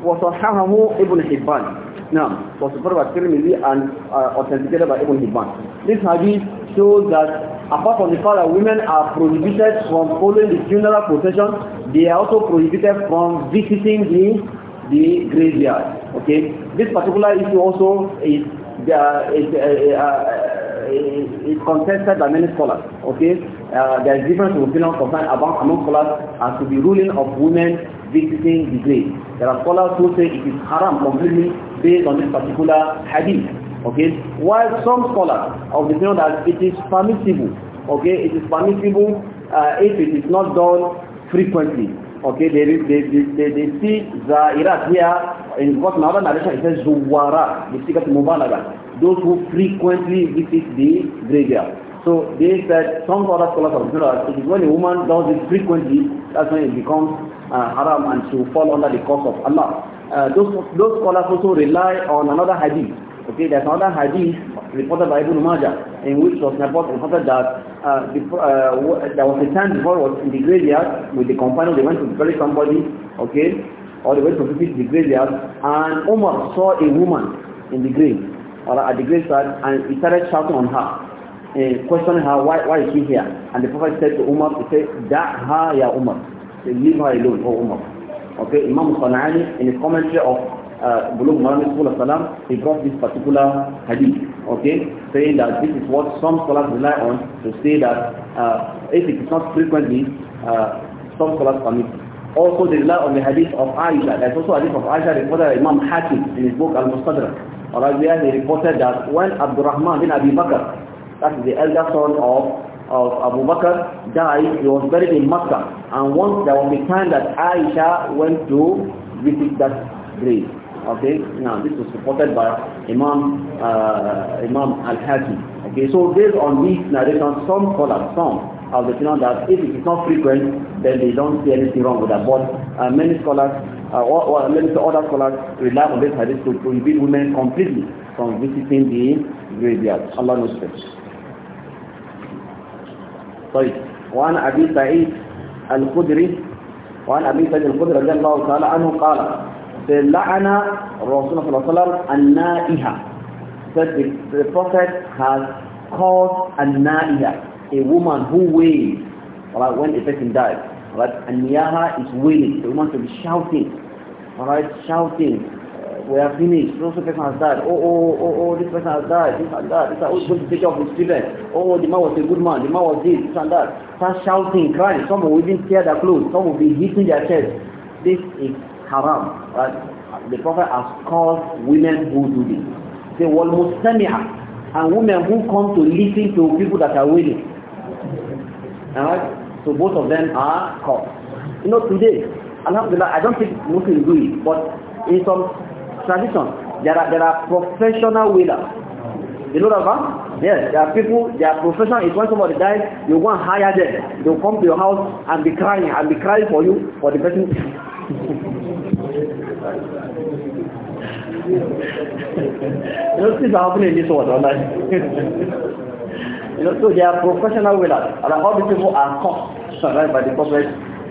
وصححه ابن حبان نعم وصفر الترمذي and uh, authenticated by Ibn Hibban this hadith shows that apart from the fact that women are prohibited from following the funeral procession they are also prohibited from visiting the the graveyard okay this particular issue also is, uh, is uh, uh It eh, is eh, contested by many scholars. Okay, uh, there is difference of opinion concerned among, among scholars as to the ruling of women visiting the grave. There are scholars who say it is haram completely based on this particular hadith. Okay, while some scholars of the opinion that it is permissible. Okay, it is permissible uh, if it is not done frequently. Okay, they, they, they, they, they see the Iraq here in what another narration it says Zuwara, the secret Mubalaga. those who frequently visit the graveyard. So they said some other scholars of it is when a woman does it frequently, that's when it becomes uh, haram and she will fall under the curse of Allah. Uh, those, those scholars also rely on another hadith. Okay, there's another hadith reported by Ibn Majah in which was reported that uh, before, uh, there was a time before was in the graveyard with the companion, they went to bury somebody, okay, or they went to visit the graveyard and Omar saw a woman in the grave at the graveside and he started shouting on her and eh, questioning her why why is she here and the prophet said to Umar he said da'ha ya Umar he said, leave her alone O Umar okay Imam Sana'ani in his commentary of uh, Muhammad he brought this particular hadith okay saying that this is what some scholars rely on to say that uh, if it is not frequently uh, some scholars permit also they rely on the hadith of Aisha there's also a hadith of Aisha reported by Imam Hakim in his book Al-Mustadrak Arabia, he reported that when Abdurrahman bin Abi Bakr, that is the elder son of, of Abu Bakr, died, he was buried in Makkah. And once there was a time that Aisha went to visit that grave. Okay, now this was reported by Imam uh, Imam Al-Hakim. Okay, so based on these narrations, some scholars, some have you that if it is not frequent, then they don't see anything wrong with that. But uh, many scholars uh, or, or let me say other scholars rely on this hadith to prohibit women completely from visiting the graveyard. Allah knows best. طيب وعن أبي سعيد الخدري وعن أبي سعيد الخدري رضي الله تعالى عنه قال لعن الرسول صلى الله عليه وسلم النائحة said the, the prophet has caused a naiha, a woman who wails, right, when a person dies. But And is wailing. They want to be shouting. Alright, shouting. Uh, we are finished. So person has died. Oh, oh, oh, oh, this person has died. This and that. This and oh, going to take off the his Oh, the man was a good man. The man was this, this and that. Start shouting, crying. Some will even tear their clothes. Some will be hitting their chest. This is haram. Right? The Prophet has called women who do this. They were Muslimia And women who come to listen to people that are willing. Alright? So both of them are caught. You know, today, Alhamdulillah, I don't think Muslims do it, but in some traditions, there are, there are professional whalers. You know that man? Yes, there are people, are professional. is when somebody dies, you go and hire them. They'll come to your house and be crying, and be crying for you, for the person. you know, things are happening in this world, online. so they are professional willers. And all these people are caught survived by the Prophet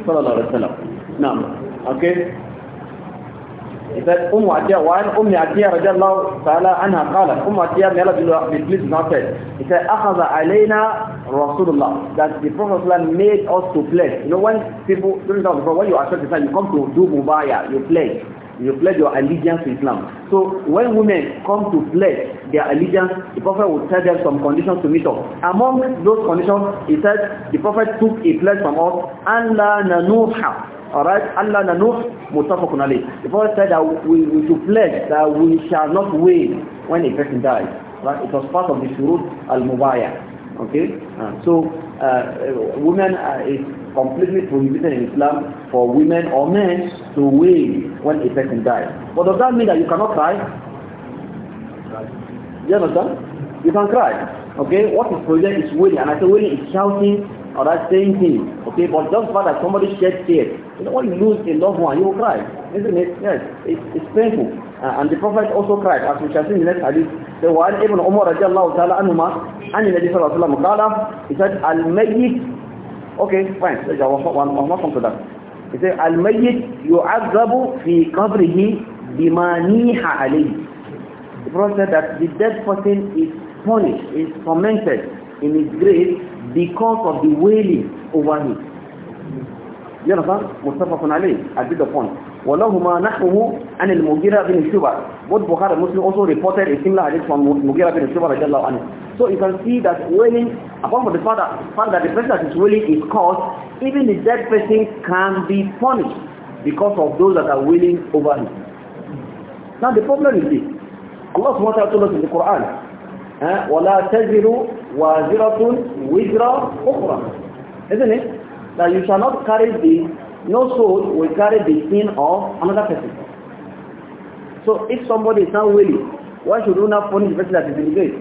Sallallahu Alaihi Wasallam. Now, okay. He said, Umm Atiyah, وعن أم عتية رضي الله تعالى عنها قالت أم عتية may Allah be pleased not said. He said, أخذ علينا رسول الله. That the Prophet made us to play. You know, when people, during the Prophet, when you accept Islam, you come to do mubaya, you play you pledge your allegiance to Islam. So when women come to pledge their allegiance, the Prophet will tell them some conditions to meet up. Among those conditions, he said the Prophet took a pledge from us, Allah nanuha. Alright, Allah nanuh mutafakun alayh. The Prophet said that we, we should pledge that we shall not wail when a person dies. Right? It was part of the shurut al-mubayah. Okay? Uh, so uh, women uh, is completely prohibited in Islam for women or men to weigh when a person dies. But does that mean that you cannot cry? You understand? You can cry. Okay, what is prohibited is wailing. And I say wailing is shouting or that same thing. Okay, but just for that somebody shed tears. You know, when you lose a loved one, you will cry. Isn't it? Yes, it's, it's painful. Uh, and the Prophet also cried, as we shall see in the next hadith. So, وعن ابن عمر رضي الله تعالى عنهما عن النبي صلى الله عليه وسلم he said, الميت Okay, fine. Let's go. One more to that. He said, Al-Mayyit yu'azzabu fi qabrihi bimaniha alayhi. The Prophet said that the dead person is punished, is tormented in his grave because of the wailing over him. You understand? Mustafa Kunali, I did the point. وَلَهُمَا نَحْوُهُ عَنِ الْمُغِيرَةِ بِنْ شُبَرَ Both Bukhari and Muslim also reported a similar hadith from Mughira bin Shubha So you can see that willing, apart from the fact that, fact that the person that is willing is caused, even the dead person can be punished because of those that are willing over him. Now the problem is this. Allah subhanahu wa ta'ala told us in the Quran, eh, وَلَا تَزِرُ وَازِرَةٌ وِزْرَ أُخْرَى Isn't it? That you shall not carry the no soul will carry the sin of another person. So if somebody is not willing, why should you not punish the person that is in the grave?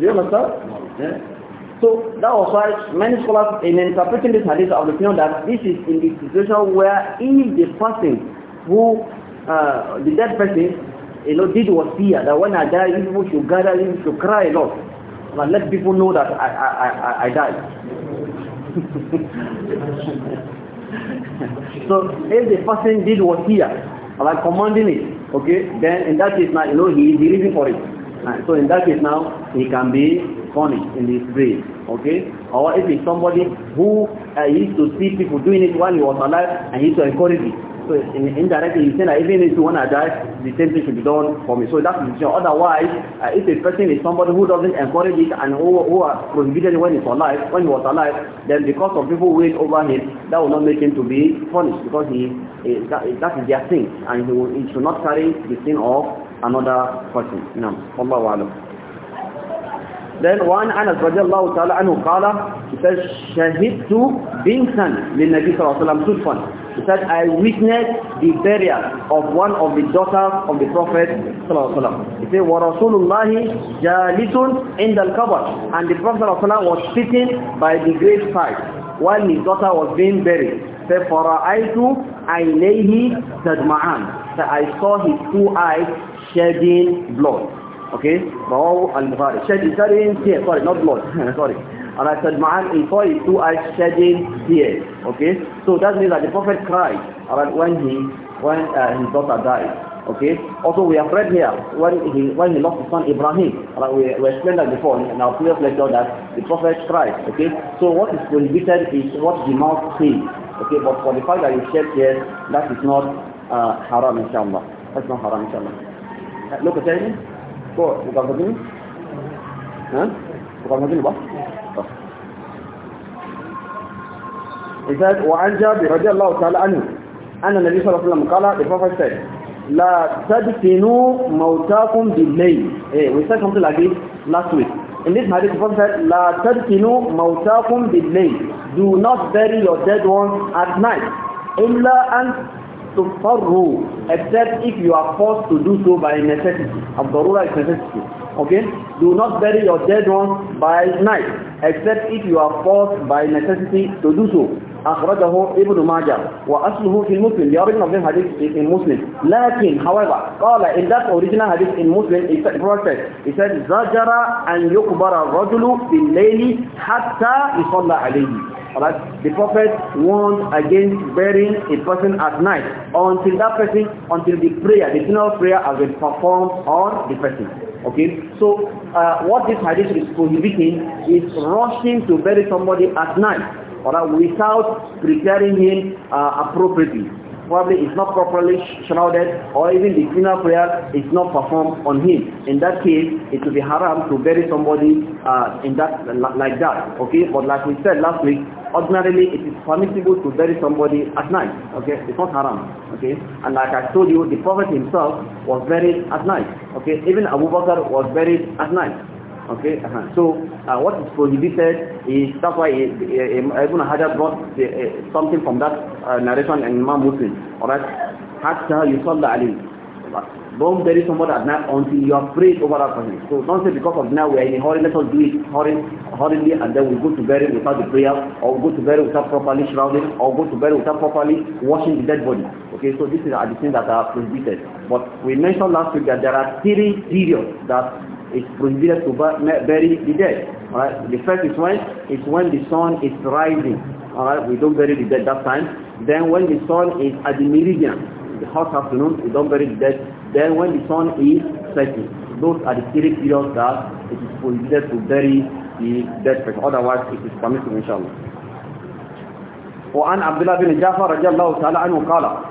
Do you understand? Yeah. So that was why many scholars in interpreting this hadith are opinion that this is in the situation where if the person who, uh, the dead person, you know, did was here, that when I die, he people should gather, you should cry a lot. And let people know that I, I, I, I died. so if the person did what here, like commanding it, okay, then in that case now, you know, he is the reason for it. Right. Ah, so in that case now, he can be punished in this grave, okay? Or if it's somebody who uh, used to see people doing it while he was alive and he used to encourage it, in, indirectly you saying that even if you want to die, the same thing should be done for me. So that's the decision. Otherwise, uh, if a person is somebody who doesn't encourage it and who, who are prohibited when he's alive, when he was alive, then because of people wait over him, that will not make him to be punished because he, he that, that is their thing and he, will, he should not carry the sin of another person. No. Allah wa Then one Anas radiallahu ta'ala anhu qala, he says, Shahidtu bintan lil Nabi sallallahu alayhi wa sallam He said, I witnessed the burial of one of the daughters of the Prophet sallallahu alayhi wa sallam. He said, وَرَسُولُ اللَّهِ جَالِسٌ عِنْدَ And the Prophet sallallahu alayhi wa sallam was sitting by the grave side while his daughter was being buried. He said, فَرَأَيْتُ عَيْنَيْهِ تَدْمَعَانِ So I saw his two eyes shedding blood. Okay, Rawahu al-Bukhari. Shed is shedding tears, sorry, not blood, sorry. And I said, Ma'an Ifoi, two eyes shedding tears. Okay, so that means that the Prophet cried right, when he when uh, his daughter died. Okay, also we have read here when he when he lost his son Ibrahim. Right, we, we explained that before in our previous lecture that the Prophet cried. Okay, so what is said is what the mouth says. Okay, but for the fact that you shed tears, that is not uh, haram inshallah. That's not haram inshallah. Uh, look at إذا وعن جابر رضي الله تعالى عنه أن النبي صلى الله عليه وسلم قال بفافة السيد لا تدفنوا موتاكم بالليل إيه we said something like this last week in this hadith بفافة السيد لا تدفنوا موتاكم بالليل do not bury your dead ones at night إلا أن who, except if you are forced to do so by necessity الضرورة is necessity okay do not bury your dead ones by night except if you are forced by necessity to do so أخرجه ابن ماجه وأصله في المسلم the original of the hadith in Muslim لكن however قال in that original hadith in Muslim it said prophet it said زجر أن يكبر الرجل بالليل حتى يصلى عليه Alright? The Prophet warned against burying a person at night until that person, until the prayer, the funeral prayer has been performed on the person. Okay? So, uh, what this hadith is prohibiting is rushing to bury somebody at night, alright, without preparing him uh, appropriately probably is not properly shrouded or even the funeral prayer is not performed on him. In that case, it will be haram to bury somebody uh, in that like that. Okay, but like we said last week, ordinarily it is permissible to bury somebody at night. Okay, it's not haram. Okay, and like I told you, the Prophet himself was buried at night. Okay, even Abu Bakr was buried at night. Okay, uh -huh. so uh, what is prohibited is that's why uh, uh, Ibn Hajar brought uh, uh, something from that uh, narration and Imam Muslim. Alright, hatta yusalla alayhi. Don't bury somebody at night until you are prayed over that person. So don't say because of now we are in a hurry, let us do it hurriedly and then we go to bury without the prayer or go to bury without properly shrouding or go to bury without properly washing the dead body. Okay, so this is the things that are prohibited. But we mentioned last week that there are three periods that it's prohibited to bury the dead. All right. The first is when it's when the sun is rising. All right. We don't bury the dead that time. Then when the sun is at the meridian, the hot afternoon, we don't bury the dead. Then when the sun is setting, those are the three periods that it is prohibited to bury the dead person. Otherwise, it is permissible, inshallah. وعن عبد الله بن جعفر رضي الله تعالى عنه قال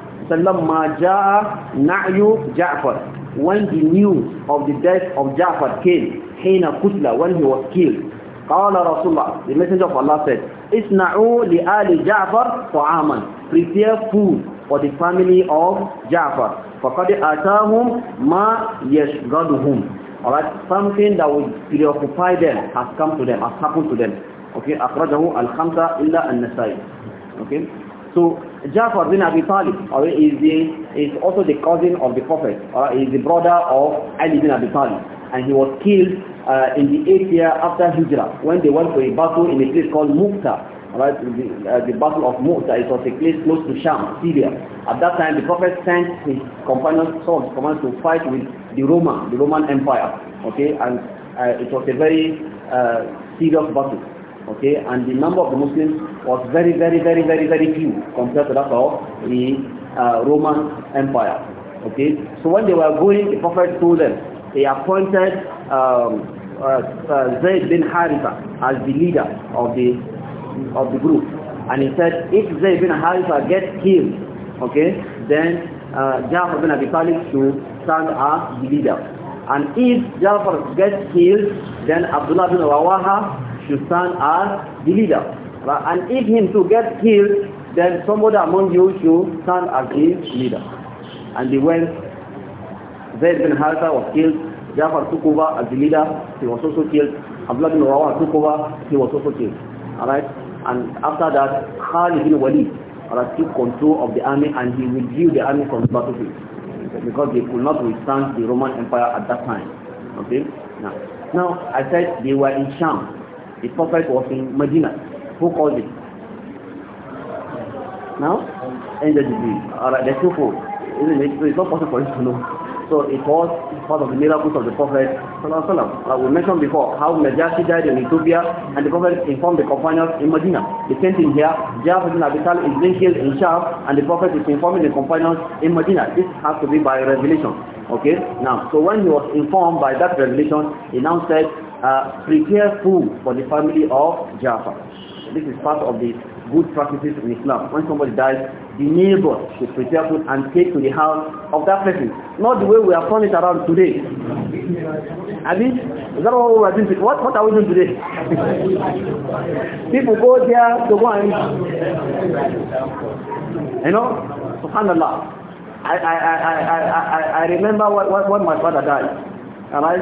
لما جاء نعي جعفر when the news of the death of Ja'far came, Hina Kutla, when he was killed, قال Rasulullah, the messenger of Allah said, إِسْنَعُوا لِآلِ جَعْفَرْ طَعَامًا Prepare food for the family of Ja'far. فَقَدْ آتَاهُمْ مَا يَشْغَدُهُمْ Alright, something that would preoccupy them has come to them, has happened to them. Okay, أخرجه الخمسة إلا النسائي. Okay. So Jafar bin Abi Talib right, is, the, is also the cousin of the Prophet. Right, he is the brother of Ali bin Abi Talib. And he was killed uh, in the 8th year after Hijrah when they went to a battle in a place called Mukta. Right, the, uh, the battle of Mu'ta, it was a place close to Sham, Syria. At that time, the Prophet sent his companions, some of his companions to fight with the Roman, the Roman Empire. Okay, and uh, it was a very uh, serious battle. Okay, and the number of the Muslims was very, very, very, very, very few compared to that of the uh, Roman Empire. Okay, so when they were going, the Prophet told them, they appointed um, uh, uh, Zayd bin Haritha as the leader of the of the group. And he said, if Zayd bin Haritha gets killed, okay, then uh, Jafar bin Abi Talib should stand as the leader. And if Jafar gets killed, then Abdullah bin Rawaha to stand as the leader. Right? And if him to get killed, then somebody among you should stand as his leader. And they went, Zayd bin was killed, Jafar took over as the leader, he was also killed, Abdullah bin Rawah took over, he was also killed. Alright? And after that, Khalid bin Walid right, took control of the army and he withdrew the army from the battlefield because they could not withstand the Roman Empire at that time. Okay? Now, now I said they were in Sham. The prophet was in Medina. Who called it? Now? And the Alright, there's no food. Isn't it? So it's not possible for us to know. So it was part of the miracles of the Prophet like we mentioned before how Najashi died in Ethiopia and the Prophet informed the companions in Medina. The sent him here. Jafar ibn is being killed in Sham and the Prophet is informing the companions in Medina. This has to be by revelation. Okay? Now, so when he was informed by that revelation, he now said, uh, prepare food for the family of Jafar. This is part of the good practices in Islam. When somebody dies, the neighbor should prepare food and take to the house of that person. Not the way we are turning it around today. I mean, is that what we are doing? What, what are we doing today? People go there to go and... You know, subhanallah. I, I, I, I, I, I remember when my father died. And I,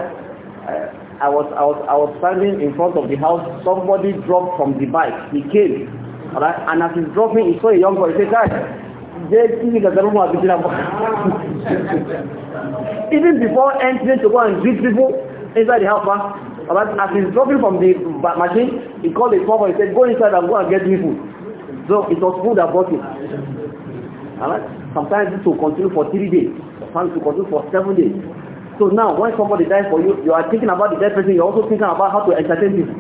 I I was, I was, I was standing in front of the house. Somebody dropped from the bike. He came. All right? And as he's dropping, he saw a young boy. He said, guys, even before entering to go and greet people inside the house, all right? as he's dropping from the machine, he called the cop he said, go inside and go and get me food. So it was food that bought it. All right? Sometimes this will continue for three days. Sometimes it will continue for seven days. So now, when somebody dies for you, you are thinking about the dead person, you're also thinking about how to entertain him.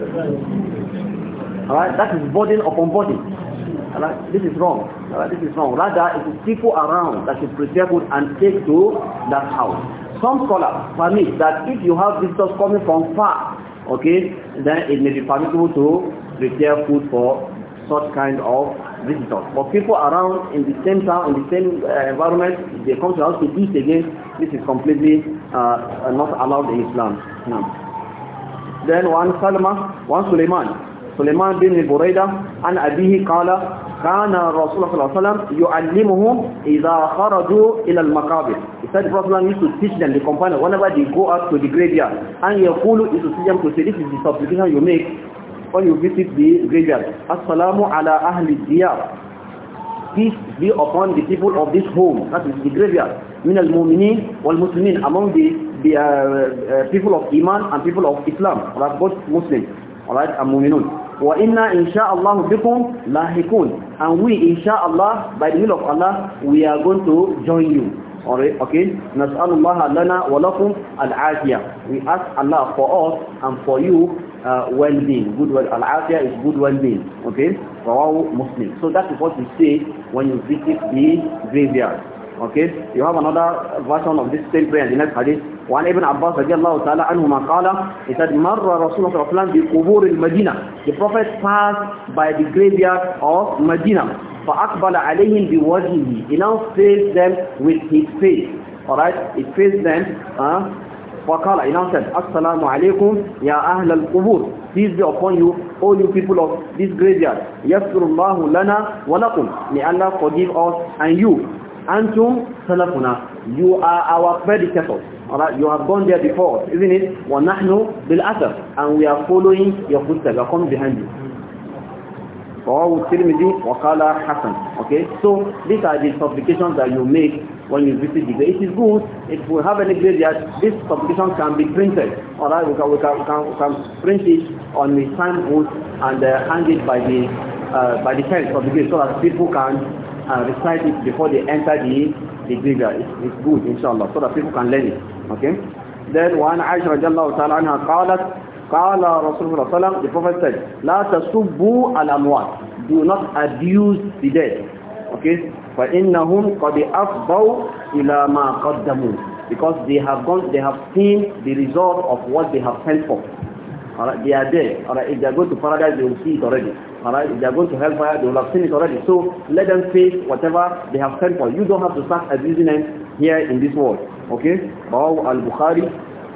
Alright, that is burden upon body. Alright, this is wrong. Alright, this is wrong. Rather, it is people around that should prepare food and take to that house. Some scholars permit that if you have visitors coming from far, okay, then it may be permissible to prepare food for such kind of visitors. But people around in the same town, in the same uh, environment, they come to the house to eat again. This is completely uh, not allowed in Islam. No. Then one Salma, one Suleiman. سليمان bin Buraida, and Abihi Kala, كان الرسول صلى الله عليه وسلم يعلمهم إذا خرجوا إلى المقابر He said the used to teach them, the companion whenever they go out to the graveyard and يقول follow to teach them to say this is the supplication you make when you visit the graveyard. Assalamu ala ahli diyar. Peace be upon the people of this home, that is the graveyard. Min al-mu'minin wal-muslimin, among the, the uh, uh, people of Iman and people of Islam, Alright, both Muslims, alright, and mu'minun. وَإِنَّا إِنْ شَاءَ اللَّهُ بِكُمْ لَاهِكُونَ And we, inshallah, by the will of Allah, we are going to join you. Alright, okay? نَسْأَلُ اللَّهَ لَنَا al الْعَافِيَةِ We ask Allah for us and for you uh, well-being. Good well Al-Afiyah is good well-being. Okay? For all Muslims. So that is what you say when you visit the graveyard. Okay? You have another version of this same prayer in the next hadith. وعن ابن عباس رضي الله تعالى عنهما قال he said مر رسول الله صلى الله عليه وسلم بقبور المدينة the prophet passed by the graveyard of Medina فأقبل عليهم بوجهه he now faced them with his face alright he faced them uh, وقال he now said assalamu alaikum ya ahl al peace be upon you all you people of this graveyard yaghfirullahu lana wa lakum may Allah forgive us and you antum salafuna you are our predecessors all right you have gone there before isn't it wa nahnu bil asaf and we are following your footsteps we are coming behind you رواه الترمذي وقال حسن okay so these are the supplications that you make when you visit the grave it is good if we have any graveyard this supplication can be printed all right we can, we can, we can, we can print it on the signboard and uh, hang it by the uh, by the head of the grave so that people can uh, recite it before they enter the the graveyard it's, it's good inshallah so that people can learn it okay then one Aisha radiallahu ta'ala anha قالت Qala Rasulullah sallam, the Prophet said, La tasubbu al Do not abuse the dead. Okay? فَإِنَّهُمْ قَدْ أَفْضَوْا إِلَى مَا قَدَّمُوا Because they have gone, they have seen the result of what they have sent for. Alright, they are there. Alright, if they are going to paradise, they will see it already. Alright, if they are going to hellfire, they will have seen it already. So let them face whatever they have sent for. You don't have to start abusing them here in this world. Okay? Rawahu al-Bukhari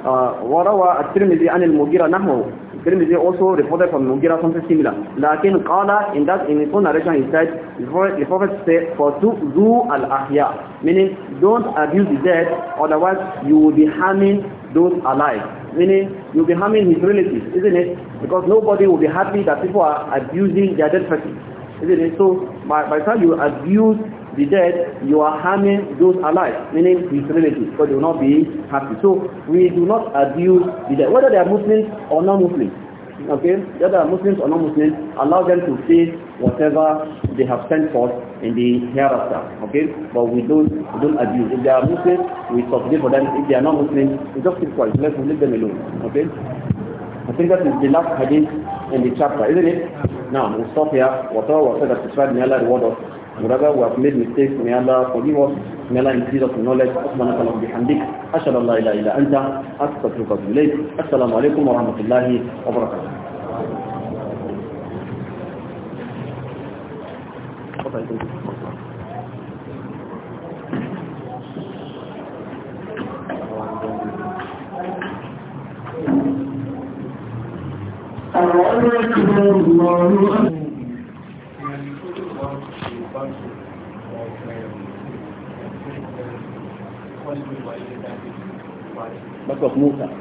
uh, وروى الترمذي عن المغيرة نحوه Tirmidhi also reported from Mugira something similar. Lakin qala in that in his own narration he said, the Prophet said, for to do al ahya, meaning don't abuse the dead, otherwise you will be harming those alive. Meaning you'll be harming his relatives, isn't it? Because nobody will be happy that people are abusing their dead person. Isn't it? So by, by the time you abuse the dead, you are harming those alive, meaning his relatives, because they will not be happy. So we do not abuse the dead, whether they are Muslims or non-Muslims. Okay, whether they are Muslims or non-Muslims, allow them to say whatever they have sent forth in the hereafter. Okay, but we don't we don't abuse. If they are Muslims, we forgive for them. If they are non Muslims, we just keep quiet. Let's leave them alone. Okay. I think that is the last hadith in the chapter, isn't it? Now, we'll stop here. Whatever was said, that's described in Allah, reward us. brother, we have made mistakes, may Allah forgive us. May Allah increase us in knowledge. Subhanak Allah bihamdik. Ashhadu an la ilaha illa anta. Astaghfiruka wa atubu Assalamu alaikum wa rahmatullahi wa barakatuh. الله أكبر الله أكبر That was Musa. They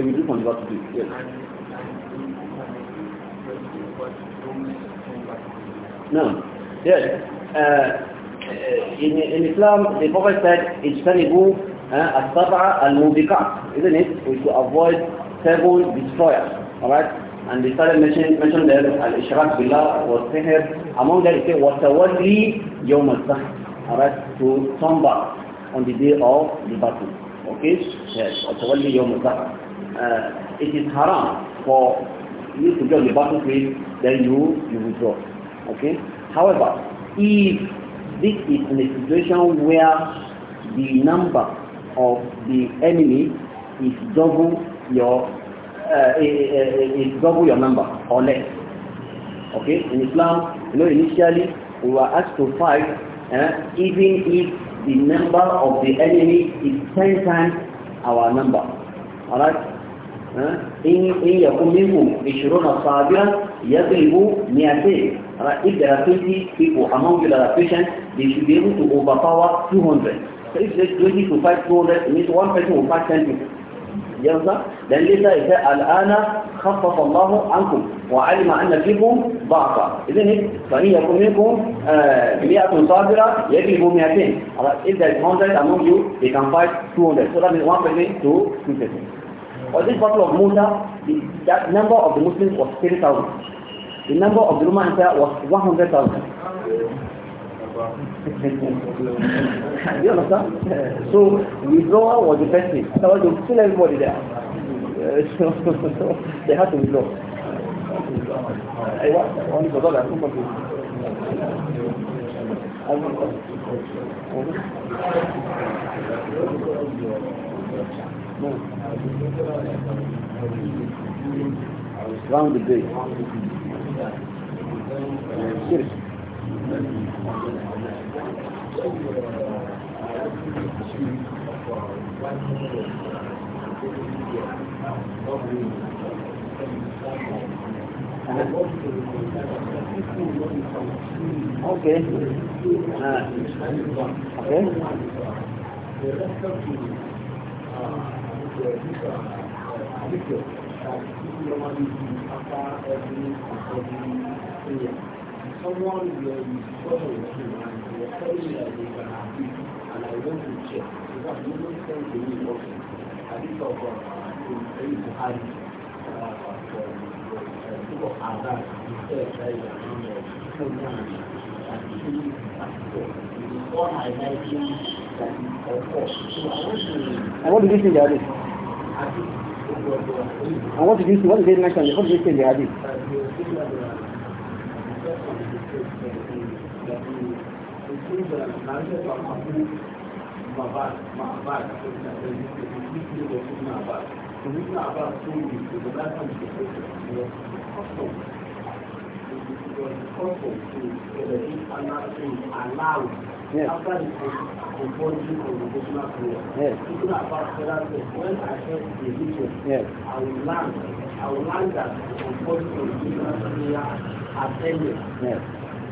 will do on what to do. Yes. No. Yes. Uh, in, in Islam, the Prophet said, uh, Isn't it? We should avoid seven destroyers. Alright? And they started mentioning, mentioning there al-ishraq billah was sihr. Among them it said, وَتَوَلِّي يَوْمَ الزَّحْرِ Alright? To tomba." on the day of the battle. Okay? Yes. Uh, it is haram for you to get the the battlefield, then you, you withdraw. Okay? However, if this is in a situation where the number of the enemy is double your uh, eh, eh, eh, is double your number or less. Okay? In Islam, you know, initially we were asked to fight uh, even if the number of the enemy is ten times our number. Alright? In إن يكون منكم عشرون صابرا يغلبوا 200 Alright? If there are 20 people among you that are patient, they should be able to overpower 200. So if there's 20 to 5, 200, it means one person will fight 10 people. يرضى لأن إذا الآن خفف الله عنكم وعلم أن فيكم ضعفا إذن فإن يكون منكم 100 صابرة يجب 200 إذا 100 among you they can fight 200 so that means 1% to 2%. For this battle of Musa, the, that number of the Muslims was 3,000. The number of the Roman Empire was 100,000. you understand? so withdrawal was the best thing. Otherwise they would kill everybody there. so, they had to withdraw. Round the day. Seriously. Okay. Uh, okay. someone will with you and will tell that they can have it and I want to check. So you don't send I think of the of Adam of of I want to... And what the hadith? I the hadith? Yes. After the compulsion of devotional prayer, yes. even about therapy, when I heard religion, yes. I will learn, I will learn that the compulsion of devotional prayer attended. Yes.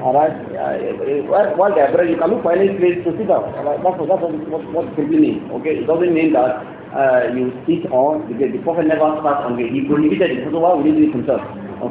Alright? Uh, what average, you can look for any place to sit down. Alright? That's, that's what, what, simply means. Okay? It doesn't mean that uh, you sit on, because the Prophet never sat on the, he prohibited it. So why would he do it himself?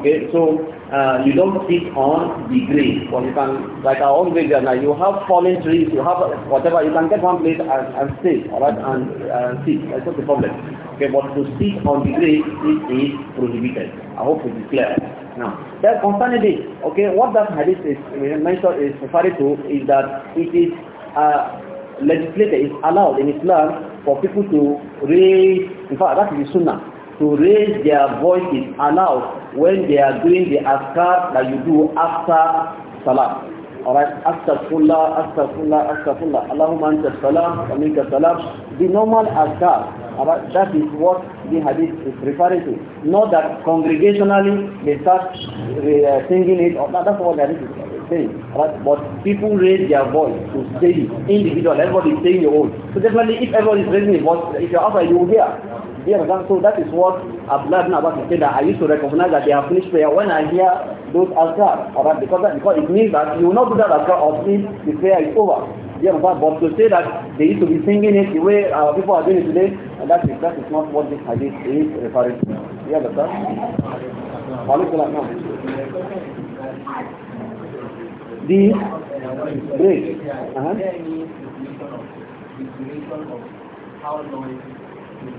Okay? So, uh, you don't sit on the grave. Well, you can, like our own graveyard now, you have fallen trees, you have whatever, you can get one place and, and sit, alright? And uh, sit. That's not the problem. Okay? But to sit on the grave, it is prohibited. I hope it is clear. Now, that concerning this, okay, what that hadith is uh, mentioned is referring to is that it is uh, legislated, is allowed in Islam for people to raise, in fact, that is sunnah, to raise their voice is allowed when they are doing the askar that you do after salah. Alright, astaghfirullah, astaghfirullah, astaghfirullah. Allahumma anta salam, amika salam. The normal azkar, alright, that is what the hadith is referring to. Not that congregationally they start uh, singing it, or that's what the hadith is saying. Alright, but people raise their voice to say individual, everybody is saying your own. So definitely if everybody is raising their voice, if you're outside, you will hear. Yes, and so that is what Abdullah ibn Abbas said that I used to recognize that they have finished prayer when I hear those altar Alright, because, that, because it means that you will not do that altar or sleep, the prayer is over. You understand? But to say that they used to be singing it the way our people are doing it today, that is, that is not what this hadith is referring to. You understand? The break. Uh -huh. how long see the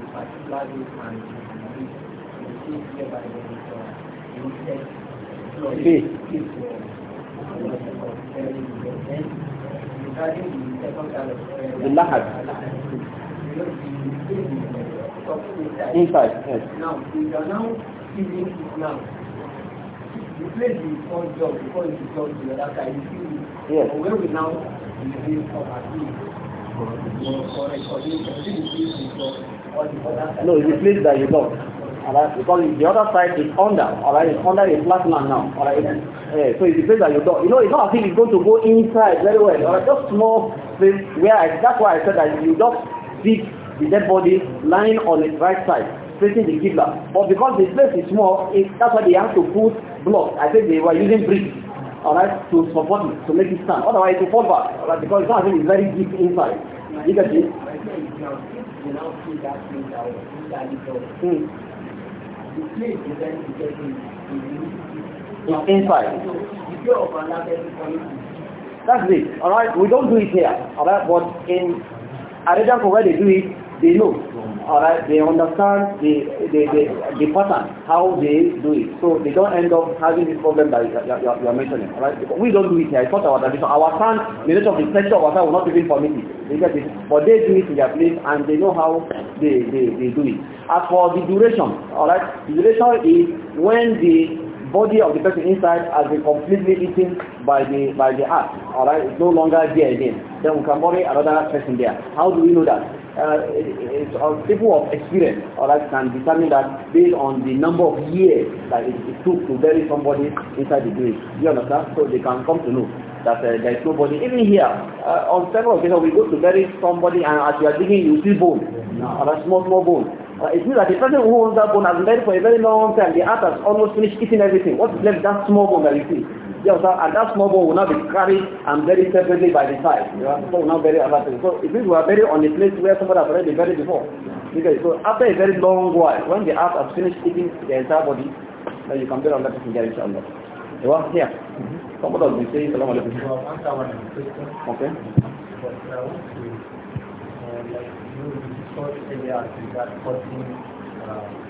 lahad inside yes. now we are now giving now. you place the first job before you job to the other side you yes. where we now our for recording for this No, it's the place that you got. Alright, because the other side is under, alright, it's under a flat land now, alright. Yeah, so it's the place that you got. You know, it's not as if it's going to go inside very well, alright, just small place where I, that's why I said that you just dig the dead body lying on the right side, facing the Qibla. But because the place is small, it, that's why they have to put blocks. I think they were using bricks, alright, to support it, to make it stand. Otherwise it will fall back, alright, because it's not as if it's very deep inside. You get it? now see that thing that was inside the door. Mm. The place is then to get in. It's inside. So, the fear of Allah is That's it, All right, We don't do it here, All right, But in Arabian, where they do it, They know. Alright, they understand the, the, the, pattern, how they do it. So they don't end up having this problem that you, you, are mentioning. Alright, we don't do it here. It's not our tradition. Our son, the nature of the sector of our son will not even permit it. They get it. But they do it in their place and they know how they, they, they do it. As for the duration, alright, the duration is when the body of the person inside has been completely eaten by the by the heart. Alright, it's no longer there again. Then we can bury another person there. How do we know that? uh, it's uh, people of experience alright, can determine that based on the number of years that it, it took to bury somebody inside the grave. You understand? So they can come to know that uh, there is nobody. Even here, uh, on several occasions we go to bury somebody and as you are digging you see bone, yeah. or a small, small bone. Uh, it means that the person who owns that bone has been buried for a very long time. The earth has almost finished eating everything. What's left that small bone that you see? You And that small ball will now be carried and buried separately by the side. You know, So now very other things. So it means we are buried on the place where somebody has already buried before. Because so after a very long while, when the earth has finished eating the entire body, then you can bury on that person there inshallah. You are here. Mm-hmm. Somebody has been saying salam alaikum. Okay. uh,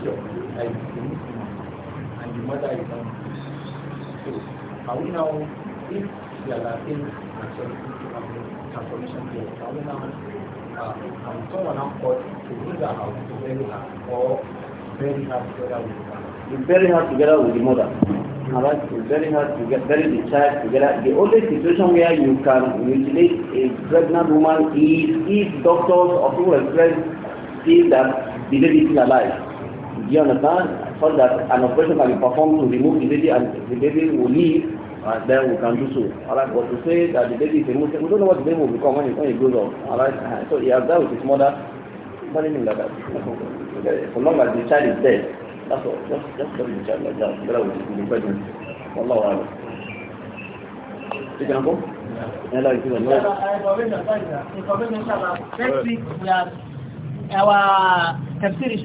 pure like the Muslim and the mother is not So are we now if there are things transformation here, are we now uh, can um, someone now called to bring her house to bury her or bury her together with her? You bury her together with the mother. Alright, it's very hard to get very the child together. The only situation where you can mutilate a pregnant woman is if doctors or people express see that the baby is alive. You understand? So that an operation can be performed to remove the baby and the baby will leave and then we can do so. Alright, but to say that the baby is a Muslim, we don't know what the baby will become when it, when it grows up. Alright, uh-huh. so he has that with his mother, not anything like that. So long as the child is dead, that's all. Just, just let the child like that, together with the Allah Wallahu alam. Example? Yeah. Like to Next week we are our tafsir